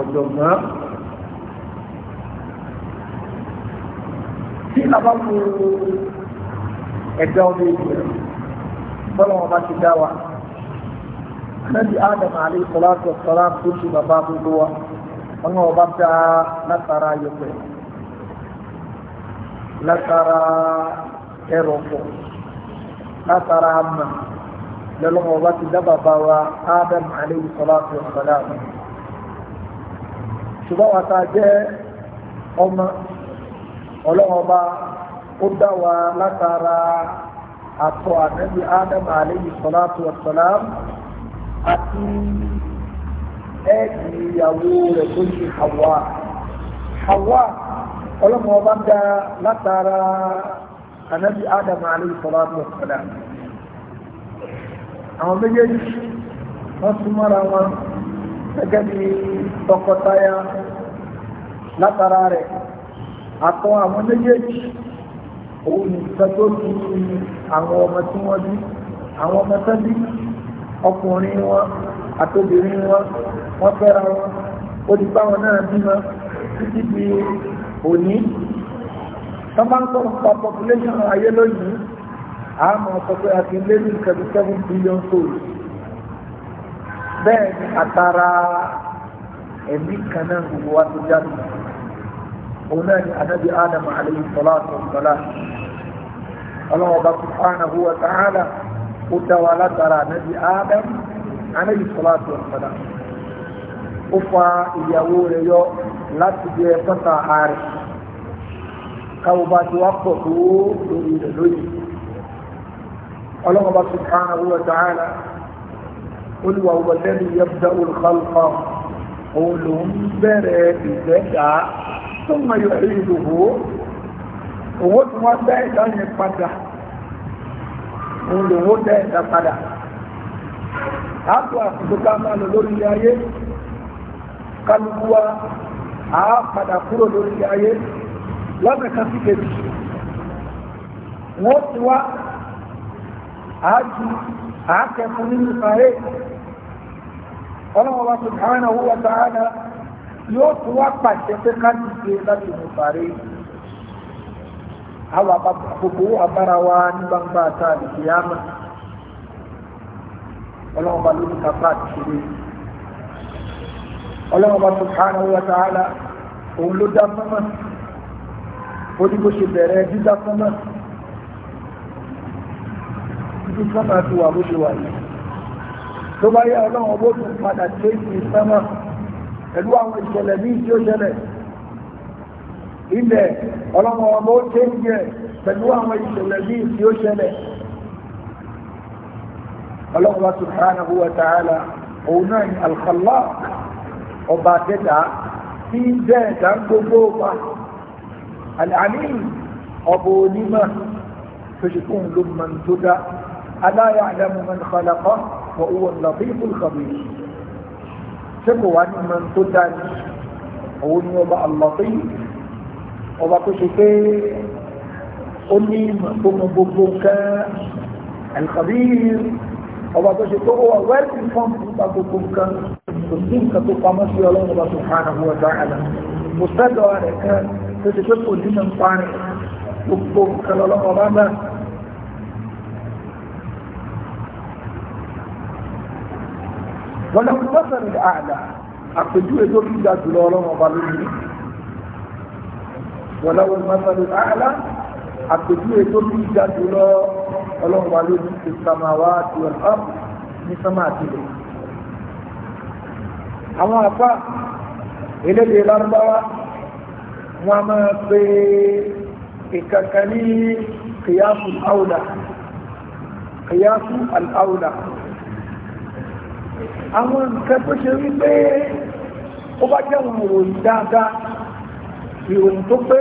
ọ̀jọ̀gbọ́n tí a bá mú ẹ̀dá ọmọ ìgbẹ́ bọ́lá wọn bá ti dá wa. Nabi Adam alayhi salatu wa salam tó ṣe bàbá gbogbo wa ọlọ́run ọba dá látara yẹpẹ látara ẹrọ̀pọ̀ látara àmà lọ́lọ́run ọba ti dá bàbá wa Adam aleyhi salatu wa salam ṣùgbọ́n wa ta jẹ́ ọmọ ọlọ́run ọba ó dá wa látara àtọ̀ ànábì Adam aleyhi salatu wa salam àti ẹ́ẹ̀kì ìyàwó rẹ̀ tó ṣe Hawa Hawa ọlọ́mọ ọba dá látara anabi Adam alayhi salatu wa salam àwọn méjèèjì wọ́n súnmọ́ra wọn gẹ́gẹ́ bí tọkọtaya látara rẹ̀ àtọ́ àwọn méjèèjì òun nìkan àwọn ọmọ tí wọ́n bí àwọn ọmọ tán ọkùnrin wọn àtòbìnrin wọn wọ́n fẹ́ra wọn ó ti bá wọn náà bímọ títí di òní wọ́n máa ń sọ̀rọ̀ pa population ayé lónìí àmọ́ sọ pé a ti lé billion souls bẹ́ẹ̀ àtàrà ẹ̀mí kan gbogbo wa ti jáde òun náà ni anabi adam alayhi salatu wa salam ọlọ́wọ́ bá subhanahu wa ta'ala ó dá wa látara anabi adam alayhi salatu wa salam ó fa ìyàwó rẹ̀ yọ láti bí ẹ̀kọ́ta ààrẹ káwọ́ bá ti wá pọ̀ tó lórí rẹ̀ lónìí ọlọ́mọba subhanahu wa ta'ala olùwà huwa alladhi yabda'u al-khalqa òun ló ń bẹ̀rẹ̀ ìgbẹ́dà thumma yu'iduhu òun ó wá dá ẹ̀dá yẹn padà òun lòun ó dá ẹ̀dá padà àpò àtìgbòkà máa lò lórí ayé kálukú wa á padà kúrò lórí ayé lọ́nà kan sí kejì wọ́n ti wá àájú àákẹ́kùn nínú sáré ọlọ́wọ́ wa subhanahu wa ta'ala yóò tún wá pàṣẹ pé ká ti gbé láti mú sáré àwọn àpapọ̀ àbára wa ní gbangba àtàlì kìyàmà ọlọ́wọ́ wa lórí kápá àti ṣeré ọlọ́mọba subhanahu wa ta'ala òun ló dá sánmà ó ní bó ṣe bẹ̀rẹ̀ dídá sánmà títí sánmà ti wà bó ṣe wà yìí tó bá yá ọlọ́run owó tún padà tó ìsìn sánmà pẹ̀lú àwọn ìṣẹ̀lẹ̀ ní tí ó ilẹ̀ ọlọ́run ọmọ ó tẹ́ ìyẹ pẹ̀lú àwọn ìṣẹ̀lẹ̀ ní tí ó ṣẹlẹ̀ subhanahu wa ta'ala òun náà ni al ọba tẹ́ta tí jẹ́ ẹ̀dá gbogbo wa àlàáníì ọba onímọ̀ tó ṣe fún ló mọ̀ tó dá aláyà àdámù mọ̀ nìkanlẹ̀kọ́ wọ owó ńlọ́bí ìfúlùkọ̀bì ṣé kò wá ní mọ̀ tó dá ní òun ni ọba àlọ́bí ọba tó ṣe pé ó ní mọ̀ tó mọ̀ gbogbo nǹkan àlùkọ̀bí ọba tó ṣe pé ó wà wẹ́ẹ̀tì fọ́ọ̀mù nípa gbogbo nǹkan kò sí nǹkan tó pamọ́ sí ọlọ́run ọba subhanahu wa ta'ala kò sẹ́dọ̀ rẹ̀ kan tó ti pé kò ní mọ̀ ń parí gbogbo nǹkan ọlọ́run ọba náà wọ́n lọ́kùn mọ́sàn-án àdá àpèjúwe tó fi ga jùlọ ọlọ́run ọba lónìí wọ́n lọ́kùn mọ́sàn-án àdá àpèjúwe tó àwọn àfà elédè lárúbáwá wọn a máa pe ìkàkà ní kìyàfù àwùlà kìyàfù àwùlà àwọn nǹkan tó ṣe wípé ó bá jẹ́ wọn ìròyìn dáadáa ìròyìn tó pé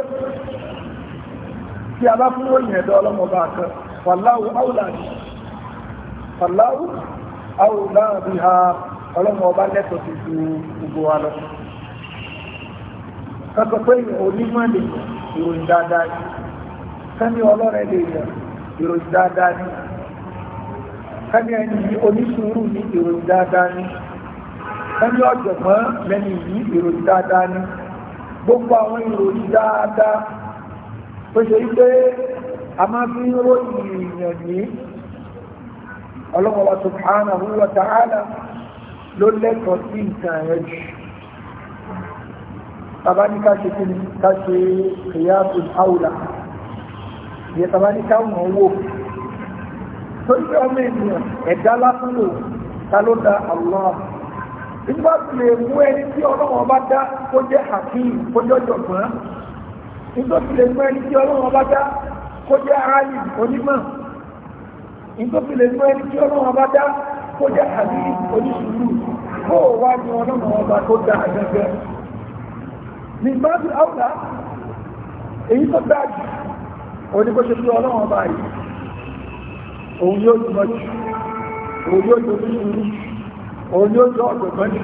tí a bá fún òyìn ẹ̀dọ́ ọlọ́mọba kan wàláwù áwùlà bí wàláwù áwùlà bí ha ọlọ́mọ ọba lẹ́tọ̀ọ́ ti ju gbogbo wa lọ. kọ́kọ́ pé onímọ̀ lè dáadáa ni kẹ́ni ọlọ́rẹ̀ lè yàn dáadáa ni kẹ́ni ẹni onísùúrù ni ìròyìn dáadáa ni kẹ́ni ọ̀jọ̀gbọ́n lẹ́ni yìí ìròyìn dáadáa ni gbogbo àwọn ìròyìn dáadáa tó ṣe wípé a máa fi ń ròyìn ló lẹ́kọ̀ọ́ sí nǹkan rẹ̀ jù tàbá ní ká ṣe kíni ká ṣe kìyàtò àwùlà ìyẹn tàbá ní ká wọ̀n wò tó ní ọmọ ènìyàn ẹ̀dá lásán lò ta ló da Allah nígbà tí lè mú ẹni tí ọlọ́wọ́n bá dá kó jẹ́ hakim kó jẹ́ nígbà tí lè mú ẹni tí ọlọ́wọ́n bá dá kó jẹ́ aráyìn onímọ̀ nígbà tí lè mú ẹni tí ọlọ́wọ́n bá dá kó jẹ́ àbí oníṣùúrù kó wá ní ọlọ́nà ọba tó dá àgẹ́gẹ́ ní bábí áwùdá èyí tó dájú oníkóṣe sí ọlọ́run ọba yìí òun yóò jù mọ́jú òun yóò jù oníṣùúrù òun yóò jù ọ̀dọ̀ mọ́jú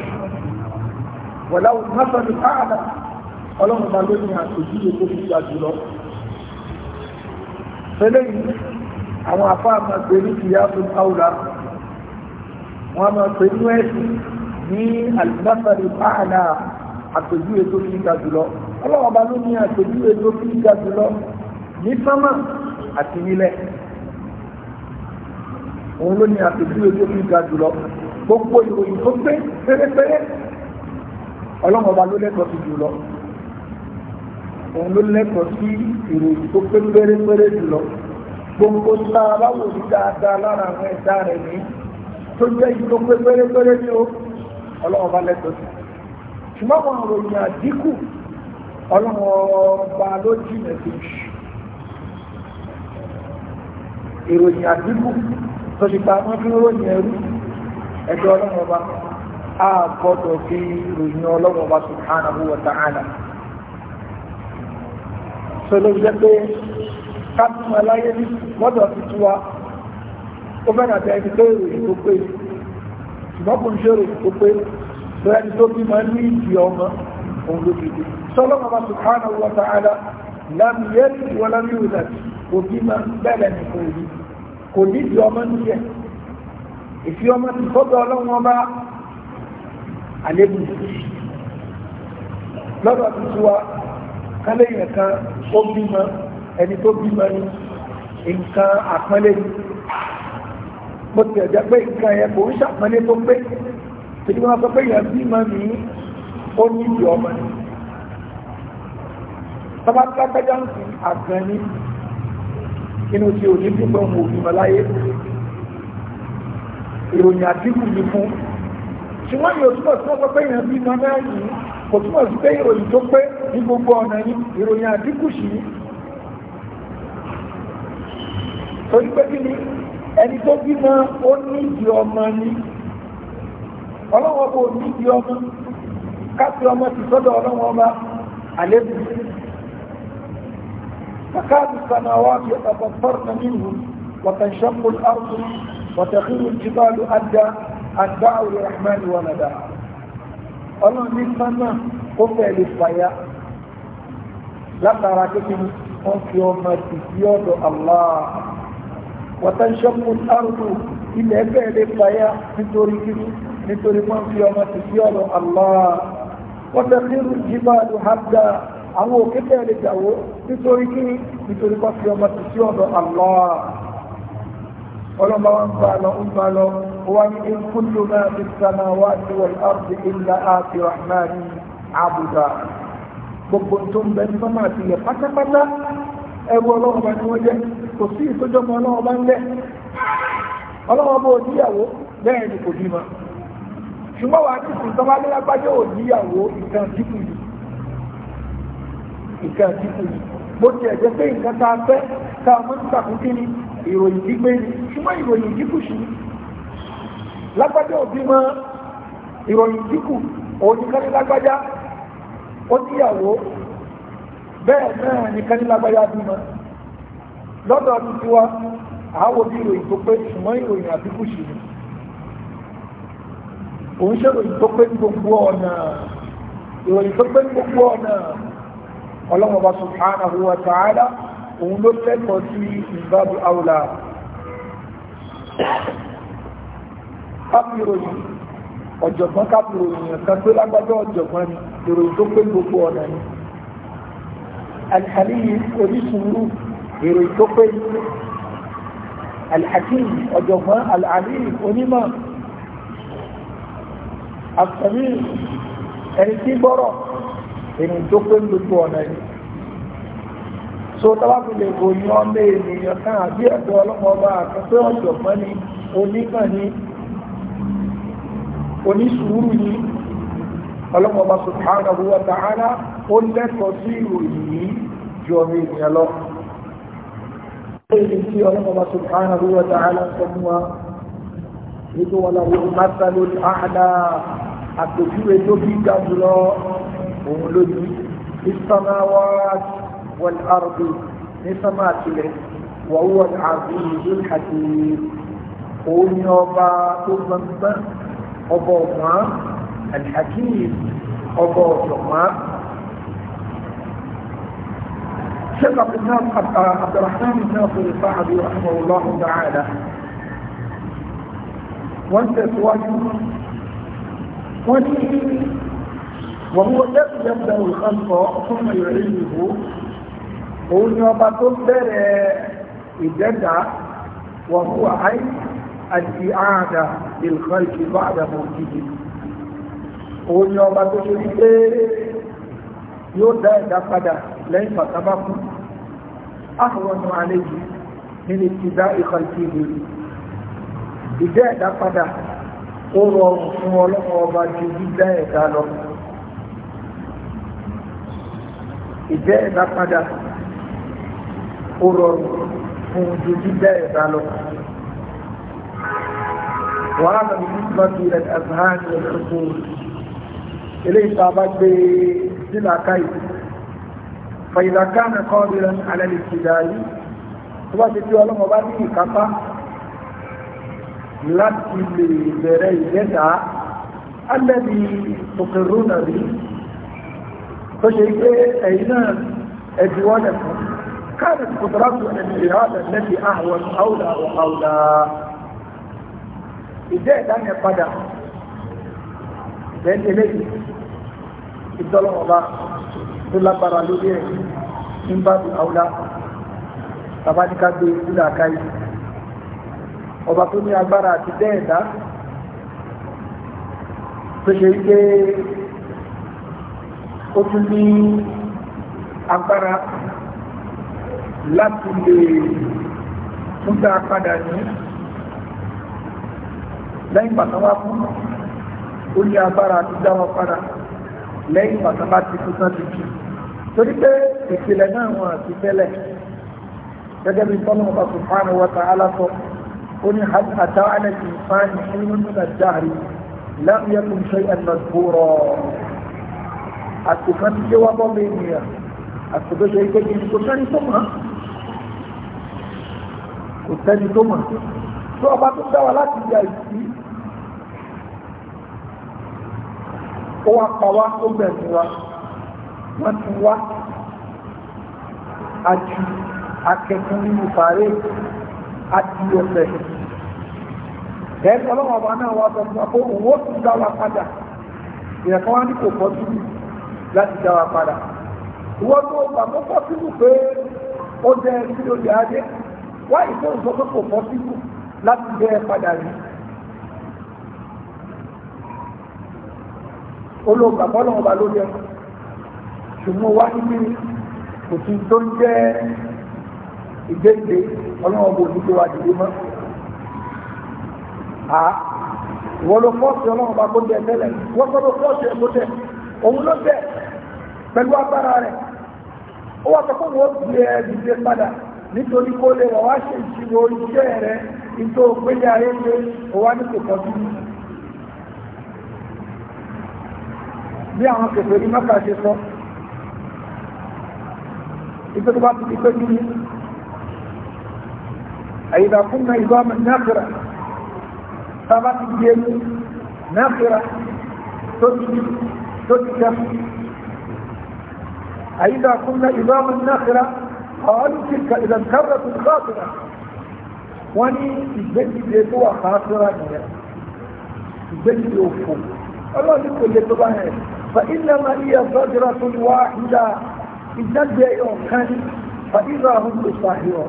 wọ̀láwù mọ́sánù káàdà ọlọ́run ọba ló ní àtòjú èkó fi jùlọ fẹ́lẹ́ yìí àwọn afáàmà gbé ní ìyá fún áwùdá wọ́n máa pè ní ẹ̀sìn ní àlùbáfàrí báàlà àpèjúwe tó fi ga jùlọ ọlọ́wọ́ bá ló ní àpèjúwe tó fi ga jùlọ ní sánmà àti nílẹ̀ òun ló ní àpèjúwe tó fi ga jùlọ gbogbo ìròyìn tó pé pérépéré ọlọ́wọ́ ló lẹ́tọ̀ọ́ sí jùlọ òun ló lẹ́tọ̀ọ́ sí ìròyìn tó pé pérépéré jùlọ gbogbo tá a bá wò ní dáadáa lára àwọn ẹ̀dá rẹ̀ nìyí tó jẹ́ ìlú pé pérépéré ní o ọlọ́run bá lẹ́tọ̀ọ́ sí ṣùgbọ́n àwọn òròyìn àdínkù ọlọ́run ọba ló jìnà sí ìròyìn àdínkù tó ti pa wọ́n fún ròyìn ẹrú ẹjọ́ ọlọ́run ọba a gbọ́dọ̀ fi ròyìn ọlọ́run ọba subhanahu wa ta'ala sọlọ́jẹ́ pé ká tún aláyé ní gbọ́dọ̀ fi tú wa ó fẹ́ dàbí ẹni tó ìròyìn tó pé ṣùgbọ́n kò ń ṣe ìròyìn tó pé lọ́yà ni tó bí máa ní ìdí ọmọ òun ló dìde sọlọ́mọ bá subhanahu wa ta'ala lámì yẹ́lì wọlá ní ìrìnà kò bí máa bẹ̀rẹ̀ ní kò kò ní ìdí ọmọ níyẹ ìfi ọmọ ti fọ́dọ̀ ọlọ́run ọba àlébù lọ́dọ̀ tuntun wa kálẹ̀yìn kan ó bímọ ẹni tó bímọ ní nǹkan àpọ́nlé bó ti ẹ̀jẹ̀ pé nǹkan ẹ̀ kò ń ṣàpẹ́lé tó pé tìbí wọn sọ pé èèyàn bí mọ́ ní ó ní ìdí ọmọ ni tọ́ba tí lápẹ́jà ń sìn àgbọn ní inú tí ò ní bí pé òun òbí mọ́láyé ìròyìn àdínkù ní fún ṣùgbọ́n yóò túbọ̀ tí wọ́n sọ pé èèyàn bí náà yìí kò túbọ̀ sí pé ìròyìn tó pé ní gbogbo ọ̀nà ní ìròyìn àdínkù sí torí pé kí ni ẹni tó bímọ ó nídìí ọmọ ni ọlọ́wọ́ kò nídìí ọmọ káfí ọmọ ti sọ́dọ̀ ọlọ́wọ́ ọba àlébù فكاد السماوات يتفطرن منه وتنشق الأرض وتخير الجبال أدى أن دعوا للرحمن ولدا ọlọ́run ní sánà ó fẹ́ẹ̀lì fàyà látara kékeré wọ́n fi ọmọ tìtì ọ̀dọ̀ Allah wọ́tánṣọ́pù arúgbó ilẹ̀ bẹ́ẹ̀ lè fàyà nítorí kíní nítorí wọ́n fi ọmọ ti fi ọ̀rọ̀ Allah wọ́tánṣọ́pù jìbàlù hàdà àwọn òkè bẹ́ẹ̀ lè dàwó nítorí kíní nítorí wọ́n fi ọmọ ti fi ọ̀rọ̀ Allah ọlọ́mọ wọn bá lọ ń bá lọ wọ́n ní ìkúlù náà ti sànà wá sí wọ́n arúgbó ilẹ̀ àti rahman abuda gbogbo tó ń bẹ ẹrú ọlọ́run bá ní wọ́n jẹ́ kò sí ìtójọ́mọ ọlọ́run bá ń lẹ̀ ọlọ́run bó níyàwó bẹ́ẹ̀ ni kò bímọ ṣùgbọ́n wà ní ìsìn tọ́ba ní lágbájọ́ ò níyàwó nǹkan dínkù yìí nǹkan dínkù yìí bó a fẹ́ tá a mú ní sàkúnkí ni ìròyìn gbígbé ni ṣùgbọ́n ìròyìn dínkù sí lágbájọ́ ò bímọ ìròyìn dínkù bẹ́ẹ̀ náà ní kánilágbáyá bímọ lọ́dọ̀ ọdún tí wá àáwọ̀ bí ìròyìn tó pé ṣùgbọ́n ìròyìn àbíkú sí ni òun ṣe ìròyìn tó pé gbogbo ọ̀nà ìròyìn tó pé gbogbo ọ̀nà ọlọ́mọba subhanahu wa ta'ala òun ló lẹ́tọ̀ọ́ sí ìbábu àwòlà kápìròyìn ọ̀jọ̀gbọ́n kápìròyìn alhàlíyì oníṣùúrù èrò tó pé alhakim ọ̀jọ̀gbọ́n alhàlíyì onímọ̀ àfẹ́mí ẹni tí gbọ́rọ̀ èrò tó pé ń gbogbo ọ̀nà yìí so tọ́wọ́pù lè bò ní ọmọ ènìyàn kan àbí ẹ̀dọ́ ọlọ́mọba àkọ́pẹ́ ọ̀jọ̀gbọ́n ni onímọ̀ ni oníṣùúrù ni ọlọ́mọba subhanahu wa ta'ala ó lẹ́kọ̀ọ́ sí ìròyìn yìí ju ọmọ ènìyàn lọ. Èyí tí ọlọ́mọba subhanahu wa ta'ala sọ fún wa, ètò wọn lọ wọ́n mátàlú àdá àpèjúwe tó bí ga jùlọ òun lójú. Ìsàmáwá wọn àrùbí ní sàmá àtìlẹ̀ wọ́n àrùbí ìlú àti òun ni ọba tó gbọmgbọ́n ọba ọ̀gbọ́n àti àkíyèsí ọba ọ̀gbọ́n. شكى قدام عبد الرحمن الناصر الصحابي رحمه الله تعالى وانت سواك ولي وهو يبدا الخلق ثم يعيده يعلمه قلنا بطبر الجدع وهو عين الإعادة للخلق بعد موته وهو قلنا بطبر يودا دفدا ليس سببه ahùwọ̀nù àlejò nínú ìtìdá ìkọ̀lùkì ìlú ìdá ẹ̀dá padà ó rọrùn fún ọlọ́run ọba ju dídá ẹ̀dá lọ ìdá ẹ̀dá padà ó rọrùn fún ju dídá ẹ̀dá lọ وهذا بالنسبة إلى الأذهان والعقول إليه طابق بسلعة كيف فإذا كان قادرا على الابتداء فبسيتي ولم أبني كفا لكن لبري الذي تقرون به فشيء أين أجوالكم كانت قدرته على الإرادة التي أهون أولى وأولى إذا كان يقدر لأن إليه الظلم الله tó lágbára lórí ẹ̀ ní bá bí àwùlá bàbá ní ká gbé ìlú àkáyé ọba tó ní agbára àti dẹ́ẹ̀dá tó ṣe wípé ó tún ní agbára láti lè tún dá padà ní lẹ́yìn bàtà wá fún ó ní agbára àti dá padà lẹ́yìn bàtà bá ti tún tán ti jù torí pé ìpìlẹ̀ náà wọn àti tẹ́lẹ̀ gẹ́gẹ́ bí tọ́lọ́ ọba subhanahu wa ta'ala sọ ó ní àtà alẹ́sì ìfáàní nínú nígbà jáàrí lam yakun shay'an madhkura àtùkọ́ ti gbé wá bọ́ mi nìyà àtùkọ́ ṣe ike kí n kò sẹ́ni tó mọ̀ kò sẹ́ni tó mọ̀ tó ọba tó dáwà láti di àìsí ó wá pa wá ó gbẹ̀mí wa wọ́n ti wá àti akẹ́kọ̀ọ́ nínú pàrẹ́ àti ọ̀sẹ̀ ẹ̀ẹ́dẹ̀ ọlọ́wọ́ ọba náà wá sọ fún wa pé òun ó ti dá wa padà ìrẹ̀kọ́ wa ní kò pọ̀ síbi láti dá wa padà wọ́n tó gbà tó pọ̀ síbi pé ó jẹ́ sí lórí adé wá ìfẹ́ òun pé kò pọ̀ síbi láti jẹ́ padà rí olóògbà bọ́lọ́wọ́ ọba ló jẹ́ ṣùgbọ́n wá níbi kò sí tó ń jẹ́ ìgbéǹde ọlọ́run bò ní tó wá dìde mọ́. À wọ́n ló fọ́ọ̀sì ọlọ́run bá kó jẹ tẹ́lẹ̀ wọ́n sọ ló fọ́ọ̀sì ẹ̀ kó jẹ òun ló jẹ pẹ̀lú agbára rẹ̀ ó wà sọ fún wọn bí ẹ dìde padà nítorí kó lè wọ́n wá ṣe ìṣirò iṣẹ́ rẹ̀ nítorí òpinlẹ̀ ayé ṣe òwá ní kò tọ́jú bí àwọn kẹfẹ́ ní mọ́ta ṣe sọ. إذا تبقى أي إذا كنا عظاما ناخرة فما تجيب ناخرة تتكف إذا كنا عظاما ناخرة قالوا تلك إذا كرة خاطرة واني الجلد ليتوا خاطرة الجلد يوفو الله يقول لتبهر فإنما هي زجرة واحدة ìdágbé ọ̀kan fàdíra ọ̀hún ló sàáhìọ̀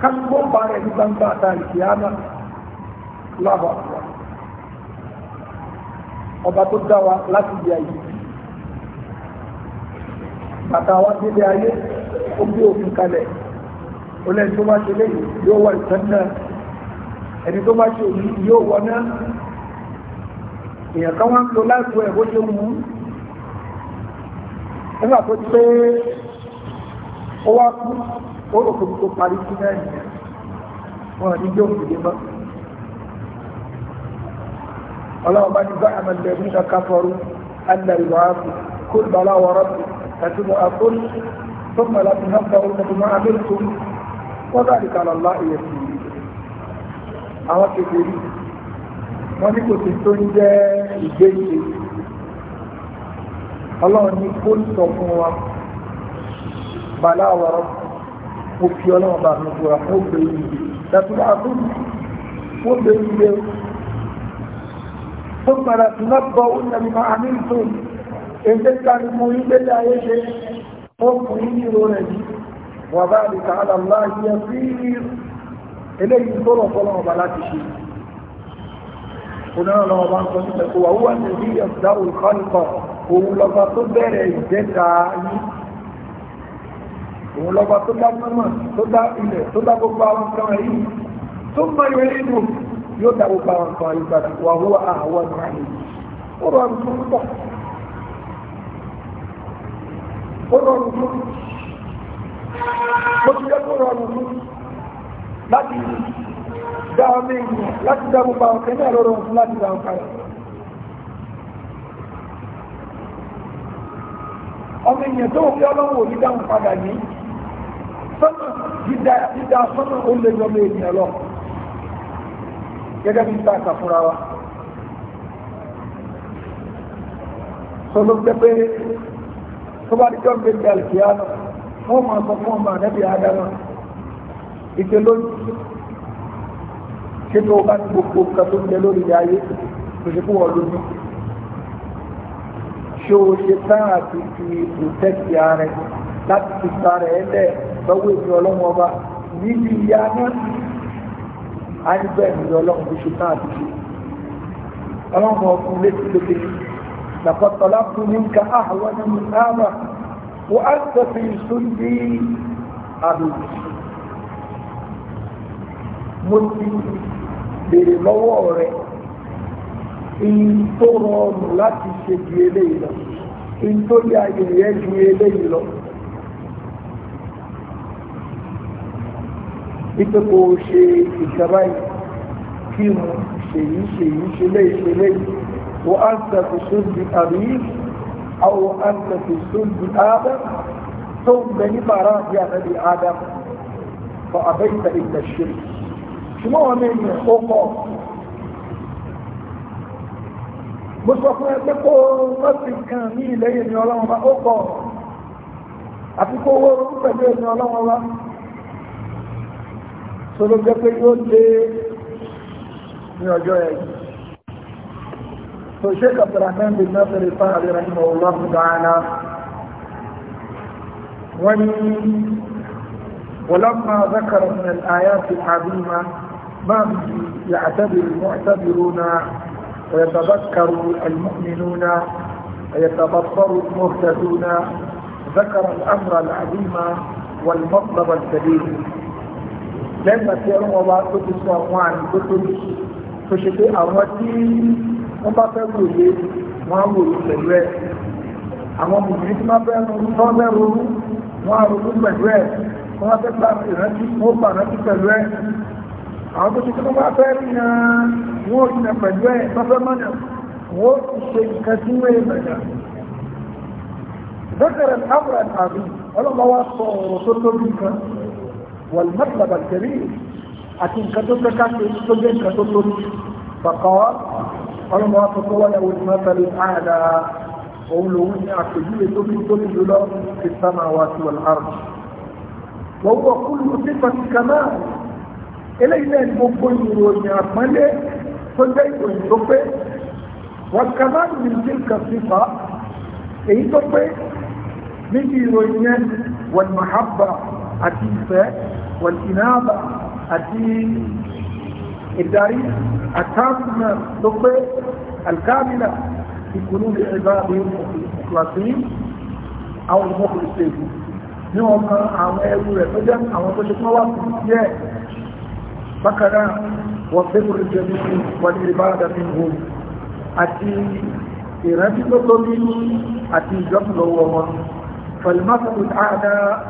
kágbó bá rẹ̀ ní gbangba àtàrí kìáná lábọ̀ ọba tó dá wa láti di ayé bàtà wa délé ayé ó gbé òfin kalẹ̀ ó lẹ́yìn tó bá ṣe lẹ́yìn yóò wà ìtàn náà ẹni tó bá ṣe òní yóò wọ náà èèyàn kan wá ń lo láìpẹ́ ẹ̀ bó ṣe mú un nígbà tó ti pé ó wá kú ó rò kó tó parí sí náà nìyẹn wọn ní yóò fi lè mọ́ ọlọ́run bá ní bá àmàlẹ́bí náà káfọ́rú alẹ́rìí wàá fi kó ìbálá wọ́rọ́ fi àti mọ́ àkórí tó mọ̀ láti náà fọ́ orúkọ tó máa lè tó wọ́n dá ìkàlọ̀ lá ìyẹ̀sì àwọn kékeré wọ́n ní kò sí tó ń jẹ́ ìgbéyìí ọlọ́run ní kó sọ fún wa bàláwọ̀ mo fi ọlọ́run bá mi búra e fún ògbé ìlú e dàtúbà fún fún ògbé ìlú tó padà tún náà bọ́ ó nàbí máa ní ìtòun èdè kárí mo rí gbélé ayé ṣe ọkùnrin ní ìró yìí wà bá lè ka àlà láàyè sí eléyìí tó rọ̀ fọ́lọ́ ọba láti ṣe onáà lọ́wọ́ bá ń sọ nípa ìwà wúwà ní ìdí ẹ̀sùn dáhùn kọ́nìkọ̀ọ́ òun lọba tó bẹ̀rẹ̀ ìjẹta yìí òun lọba tó dá mọ́mọ́ tó dá ilẹ̀ tó dá gbogbo àwọn kan yìí tó mọ ìwé nínú yóò dá gbogbo àwọn kan yìí padà wà wọ́n àwọn ọ̀nà yìí ó rọrùn tó ń pọ̀ ó rọrùn tó ń fún láti ọmọ ènìyàn tó fi ọlọ́run òní dáhùn padà ní sọ́nà dídá dídá sọ́nà ó lè yọ ọmọ ènìyàn lọ gẹ́gẹ́ bí ta àkà fúnra wa sọlọ pẹpẹ tó bá dídá ọmọ ènìyàn àlùkìyà náà wọ́n máa sọ fún ọmọ àdẹ́bí adama ìpè lónìí ṣé tó bá ní gbogbo nǹkan tó ń bẹ lórí ayé kò sí fún ọ lónìí ṣé o ṣe tán àti fi protect ara ẹ láti fi sára ẹ lẹ lọ́wọ́ èmi ọlọ́run ọba níbi ìyá náà á ní bẹ́ẹ̀ ni ọlọ́run tó ṣe tán àti ṣe ọlọ́run ọkùnrin létí lókè لقد طلبت منك أهون من هذا وأنت في صلبي أبيك mo ti béèrè lọ́wọ́ rẹ̀ in tó rọrùn láti ṣe ju eléyìí lọ in tó yá ìrẹ́ ju eléyìí lọ wípé kò ṣe ìjọba yìí kí mu ṣèyí ṣèyí ṣe léyìí ṣe léyìí wọ́n á ń tẹ̀sí sóbi àbí àwọn á ń sóbi ábẹ́ tó ń bẹ ní bàrá àbí àbẹ́bí ádámù fọ àbẹ́yìí tẹ̀lé ìgbà ṣe ṣùgbọ́n wọn ní ìyẹn mo sọ fún ẹ pé kó lọ́sì kan ní ìlẹ́yìn ní ọlọ́run bá ó kọ̀ àti kó owó orúkú pẹ̀lú ẹ̀mí ọlọ́run bá tó ló jẹ́ pé yóò dé ní ọjọ́ ẹ̀ tó ṣe kàtàrà náà bí náà fẹ́rẹ̀ fáà rẹ̀ rẹ̀ ولما ذكر من الآيات العظيمة ما يعتبر المعتبرون ويتذكر المؤمنون ويتبصر المهتدون ذكر الأمر العظيم والمطلب الكبير لما سيروا الله تدس وعن كتب فشكي أوتي وبطلوا لي وعموا للسلوات àwọn obìnrin tí máa bẹ́ẹ̀ ronú tó bẹ́ẹ̀ ronú wọn á ronú pẹ̀lú ẹ̀ wọn á fẹ́ gba ìrántí wọn ó gbà rántí pẹ̀lú ẹ̀ àwọn tó ti tó bá fẹ́ rí náà wọ́n ti nà pẹ̀lú ẹ̀ bàbá mọ́nà wọ́n ti ṣe nǹkan tí wọ́n yẹ mọ̀nà. ذكر الأمر العظيم ولما وصى رسول الله والمطلب الكبير أتن كتب كان يستجد كتب فقال ولما وصى له المثل الأعلى قولوا إني أعتدي تبي تبي في السماوات والأرض وهو كل صفة كمال إلينا المبين والنعمل tó jẹ́ ìròyìn tó pé wọ́n kàmá ní tilka sífà èyí tó pé níbi ìròyìn yẹn wal mahabba àti ìfẹ́ wal inaba àti ìdarí àtàkùnà ló pé alkamila ìkùnú ìbáàbí ìkùlàsí àwọn ìmọ̀kùnrin ṣègùn ní wọn àwọn ẹrú rẹ̀ tó jẹ́ àwọn tó ṣe pọ́n fún díẹ̀ bákan náà وصبر الجميع والعبادة منهم أتي إرادة الضمير أتي جمل ومن فالمثل الأعلى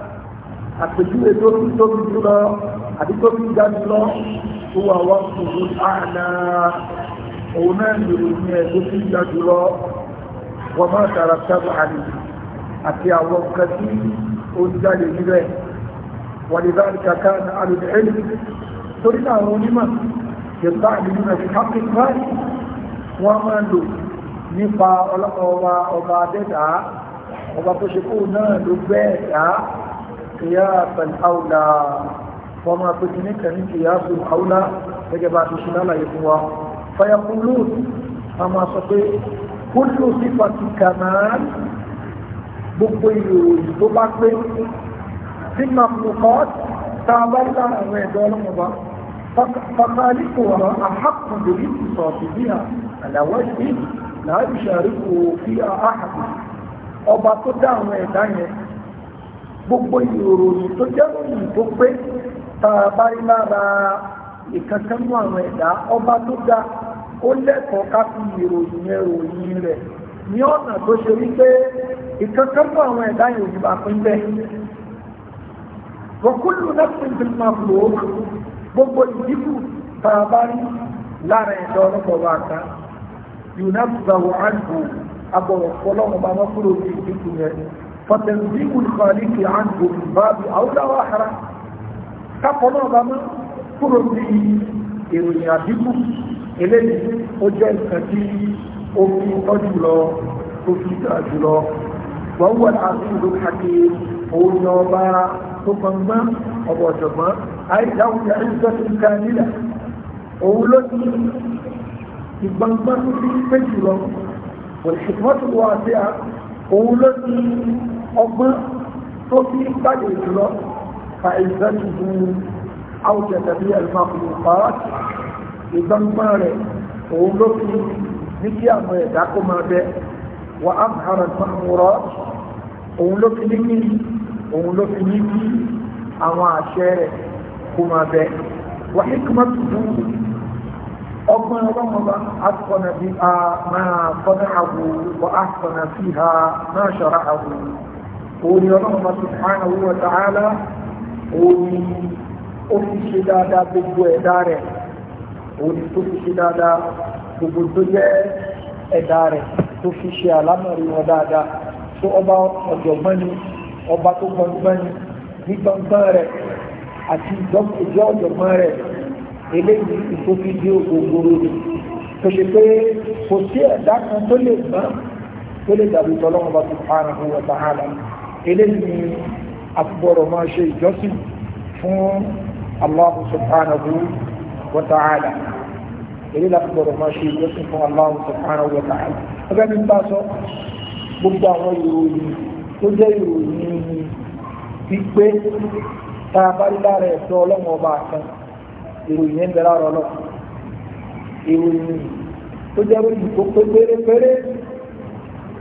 أتجوه دوم دوم جلا أتي دوم جلا هو وصفه الأعلى هنا يرمي دوم جلا وما ترتب عليه أتي أول كثير أنزل إليه ولذلك كان أهل العلم تريد أن yẹ̀tọ́ àdínúnà sí kápẹ́kọ́ wọ́n máa lò nípa ọba ọba adẹ́dà ọba tó ṣe kó náà ló bẹ́ẹ̀ dá kìyà pẹ̀lú àwùlà wọ́n máa pè ní kẹ́ni kìyà pẹ̀lú àwùlà gẹ́gẹ́ bá ti ṣe lálàyé fún wa fayakulu a máa sọ pé kúlù sípa ti kàmáà gbogbo ìròyìn tó bá pé sínú àpòkọ́ tá a bá ń lára ẹ̀dọ́ ọlọ́mọba فخالقها أحق بالاتصاف بها على وجه لا يشاركه فيها أحد ọba tó dá àwọn ẹ̀dá gbogbo ìròyìn tó jẹ́ ròyìn tó pé ta bá rí lára ìkankanú àwọn ẹ̀dá ọba tó dá ó lẹ́kọ̀ọ́ ká fi ìròyìn rẹ̀ ní ọ̀nà tó ṣe ìkankanú àwọn ẹ̀dá bá pín bẹ́ẹ̀. náà gbogbo ìdíkù tá a bá rí lára ẹ̀dọ́ ọlọ́pọ̀ bá ká yunafuzawo anhu abọ̀wọ̀ fọlọ́wọ́ bá wọ́n kúrò ní ìdíkù yẹn fọtẹ̀lùdíkù kọ́líkì anhu báàbí àwùdáwà ara kápọ̀lọ́ bá wọ́n kúrò ní ìròyìn àdíkù eléyìí ó jẹ́ nǹkan tí ó fi tọ́jú lọ tó fi dáa jùlọ wọ́n wọ́n àti ìlú kàkiri òun ni ọba tó pọngbá ọ̀bọ̀ ọ̀jọ̀gbọ́n àìdáwò ní àìsọ́ tó ń ka nílẹ̀ òun ló ní ìgbọ̀ngbọ́n tó fi pé jùlọ òṣìṣẹ́ tó wà sí à òun ló ní ọgbọ́n tó fi gbàgbé jùlọ àìsọ́ tó ju òun ló fi ní kí àwọn àṣẹ rẹ̀ kó máa bẹ wà hikmat dúró ọgbọ́n ọlọ́mọba asọ̀nà bí a máa kọ́nà àwò a asọ̀nà sí ha máa ṣọ̀rọ̀ àwò òun ni ọlọ́mọba subhanahu wa ta'ala òun ni ó fi ṣe dáadáa gbogbo ẹ̀dá rẹ̀ òun ni tó fi ṣe dáadáa gbogbo tó jẹ́ ẹ̀dá rẹ̀ tó fi ṣe àlámọ̀rí wọn dáadáa tó ọba ọ̀jọ̀gbọ́n ni ọba tó gbọngbọ́n ni ní gbọngbọ́n rẹ̀ àti ìjọ ọ̀jọ̀gbọ́n rẹ̀ eléyìí ìfòfidí ògbógbòrò ni tó ṣe pé kò sí ẹ̀dá kan tó lè gbọ́n tó lè dàbí tọ́lọ́mọba subhanahu wa ta'ala eléyìí àtúbọ̀rọ̀ máa ṣe ìjọsìn fún Allah subhanahu wa ta'ala èyí láti gbọ́dọ̀ máa ṣe ìjọsìn fún Allah subhanahu wa ta'ala ọgbẹ́ mi bá sọ gbogbo àwọn ìròyìn tó jẹ́ ìròyìn pípé tá a bá rí lára ẹ̀tọ́ ọlọ́run ọba kan ìròyìn ẹ̀ ń bẹ lára ọlọ́run ìròyìn tó jẹ́ ìròyìn tó pé pérépéré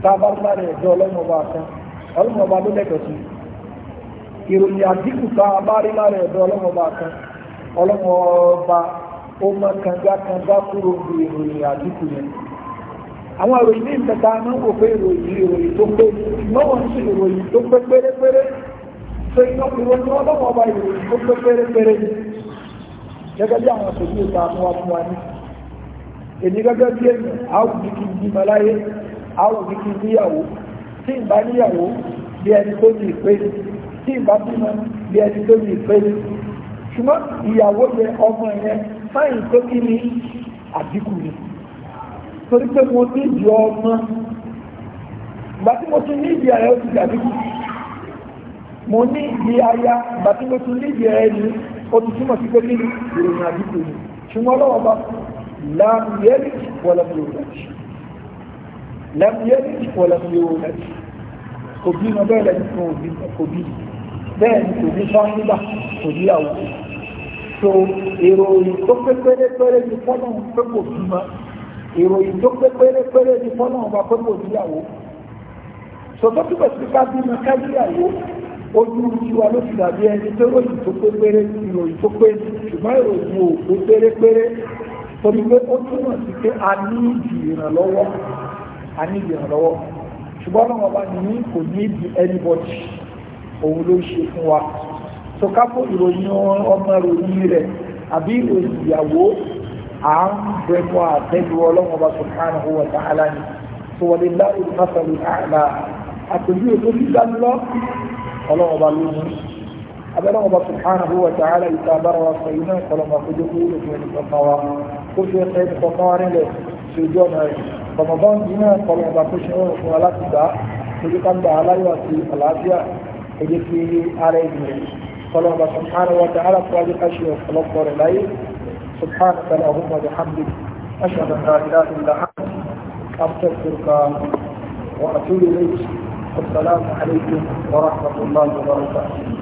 tá a bá rí lára ẹ̀tọ́ ọlọ́run ọba kan ọlọ́run ọba ló lẹ́tọ̀ọ́ sí ìròyìn àdínkù tá bá rí lára ẹ̀tọ́ ọlọ́run ọba kan ọlọ́run ọba ó mọ kangakanga kúrò ní ìròyìn àdínkù yẹn àwọn ìròyìn ní ìtẹta náà wò pé ìròyìn ìròyìn tó pé lọ́wọ́ ń sí ìròyìn tó pé pérépéré tó iná kúrò ní ọlọ́wọ́ ọba ìròyìn tó pé pérépéré gẹ́gẹ́ bí àwọn òṣèlú ìta àwọn afúnwa ní èmi gẹ́gẹ́ bí èmi àwọn òbíkí ní ìmọ̀láyé àwọn òbíkí níyàwó tí ìbá níyàwó bí ẹni tó ní ìpé tí ìbá bímọ bí ẹni tó ní ìpé ṣùgbọ́n ìyàwó yẹ ọmọ yẹn sáyìn tó kí ni àdínkù ni torí pé mo ní ìdí ọmọ gbà tí mo tún ní ìdí ààrẹ ó ti dàbí mo ní ìdí aya gbà tí mo tún ní ìdí ààrẹ ni ó ti túmọ̀ sí pé kí ni ìròyìn àdúgbò ni ṣùgbọ́n lọ́wọ́ bá láàmúyẹ́lì wọlọ́múyọ́lẹ́jì láàmúyẹ́lì wọlọ́múyọ́lẹ́jì kò bí mọ bẹ́ẹ̀ lẹ́nu fún òbí kò bí bẹ́ẹ̀ ni kò ní sọ́ọ́ nígbà kò ní àwọn so èrò ìtọ́pẹ́pẹ́rẹ́pẹ́rẹ́ ni fọ́nà ń kò bí mọ́ ìròyìn tó pé pérépéré ní fọ́nà ọba pé kò níyàwó sọ̀tọ́ tó bẹ̀sí ká bí mọ ká níyàwó ojú tiwa ló ti dàbí ẹni tó ròyìn tó pé péré ìròyìn tó pé ṣùgbọ́n ìròyìn ò pé pérépéré torí pé ó túmọ̀ sí pé a ní ìdì ìrànlọ́wọ́ a ní ìdì ìrànlọ́wọ́ ṣùgbọ́n náà ọba ní kò ní ìdí anybody òun ló ṣe fún wa so ká fún ìròyìn ọmọ ìròyìn rẹ̀ àbí ìròyìn ìyàwó à ń bẹnu àtẹ́lu ọlọ́run ọba subhanahu wa ta'ala ni tó wọlé láwùjọ mọ́sálù àlà àtòjú ètò fífà lọ ọlọ́run ọba ló mú abẹ́rẹ́ ọba subhanahu wa ta'ala ìta bára wa sọ iná ìkọlọ́mọ àkójọ kúrò lókun ẹni kọ̀ọ̀kan wa kó fi ẹsẹ̀ ẹni kọ̀ọ̀kan wa nílẹ̀ sí ojú ọ̀nà rẹ̀ rọmọbọ́n iná ìkọlọ́mọ ọba kó ṣe rọrùn سبحانك اللهم وبحمدك أشهد أن لا إله إلا أنت أستغفرك وأتوب إليك والسلام عليكم ورحمة الله وبركاته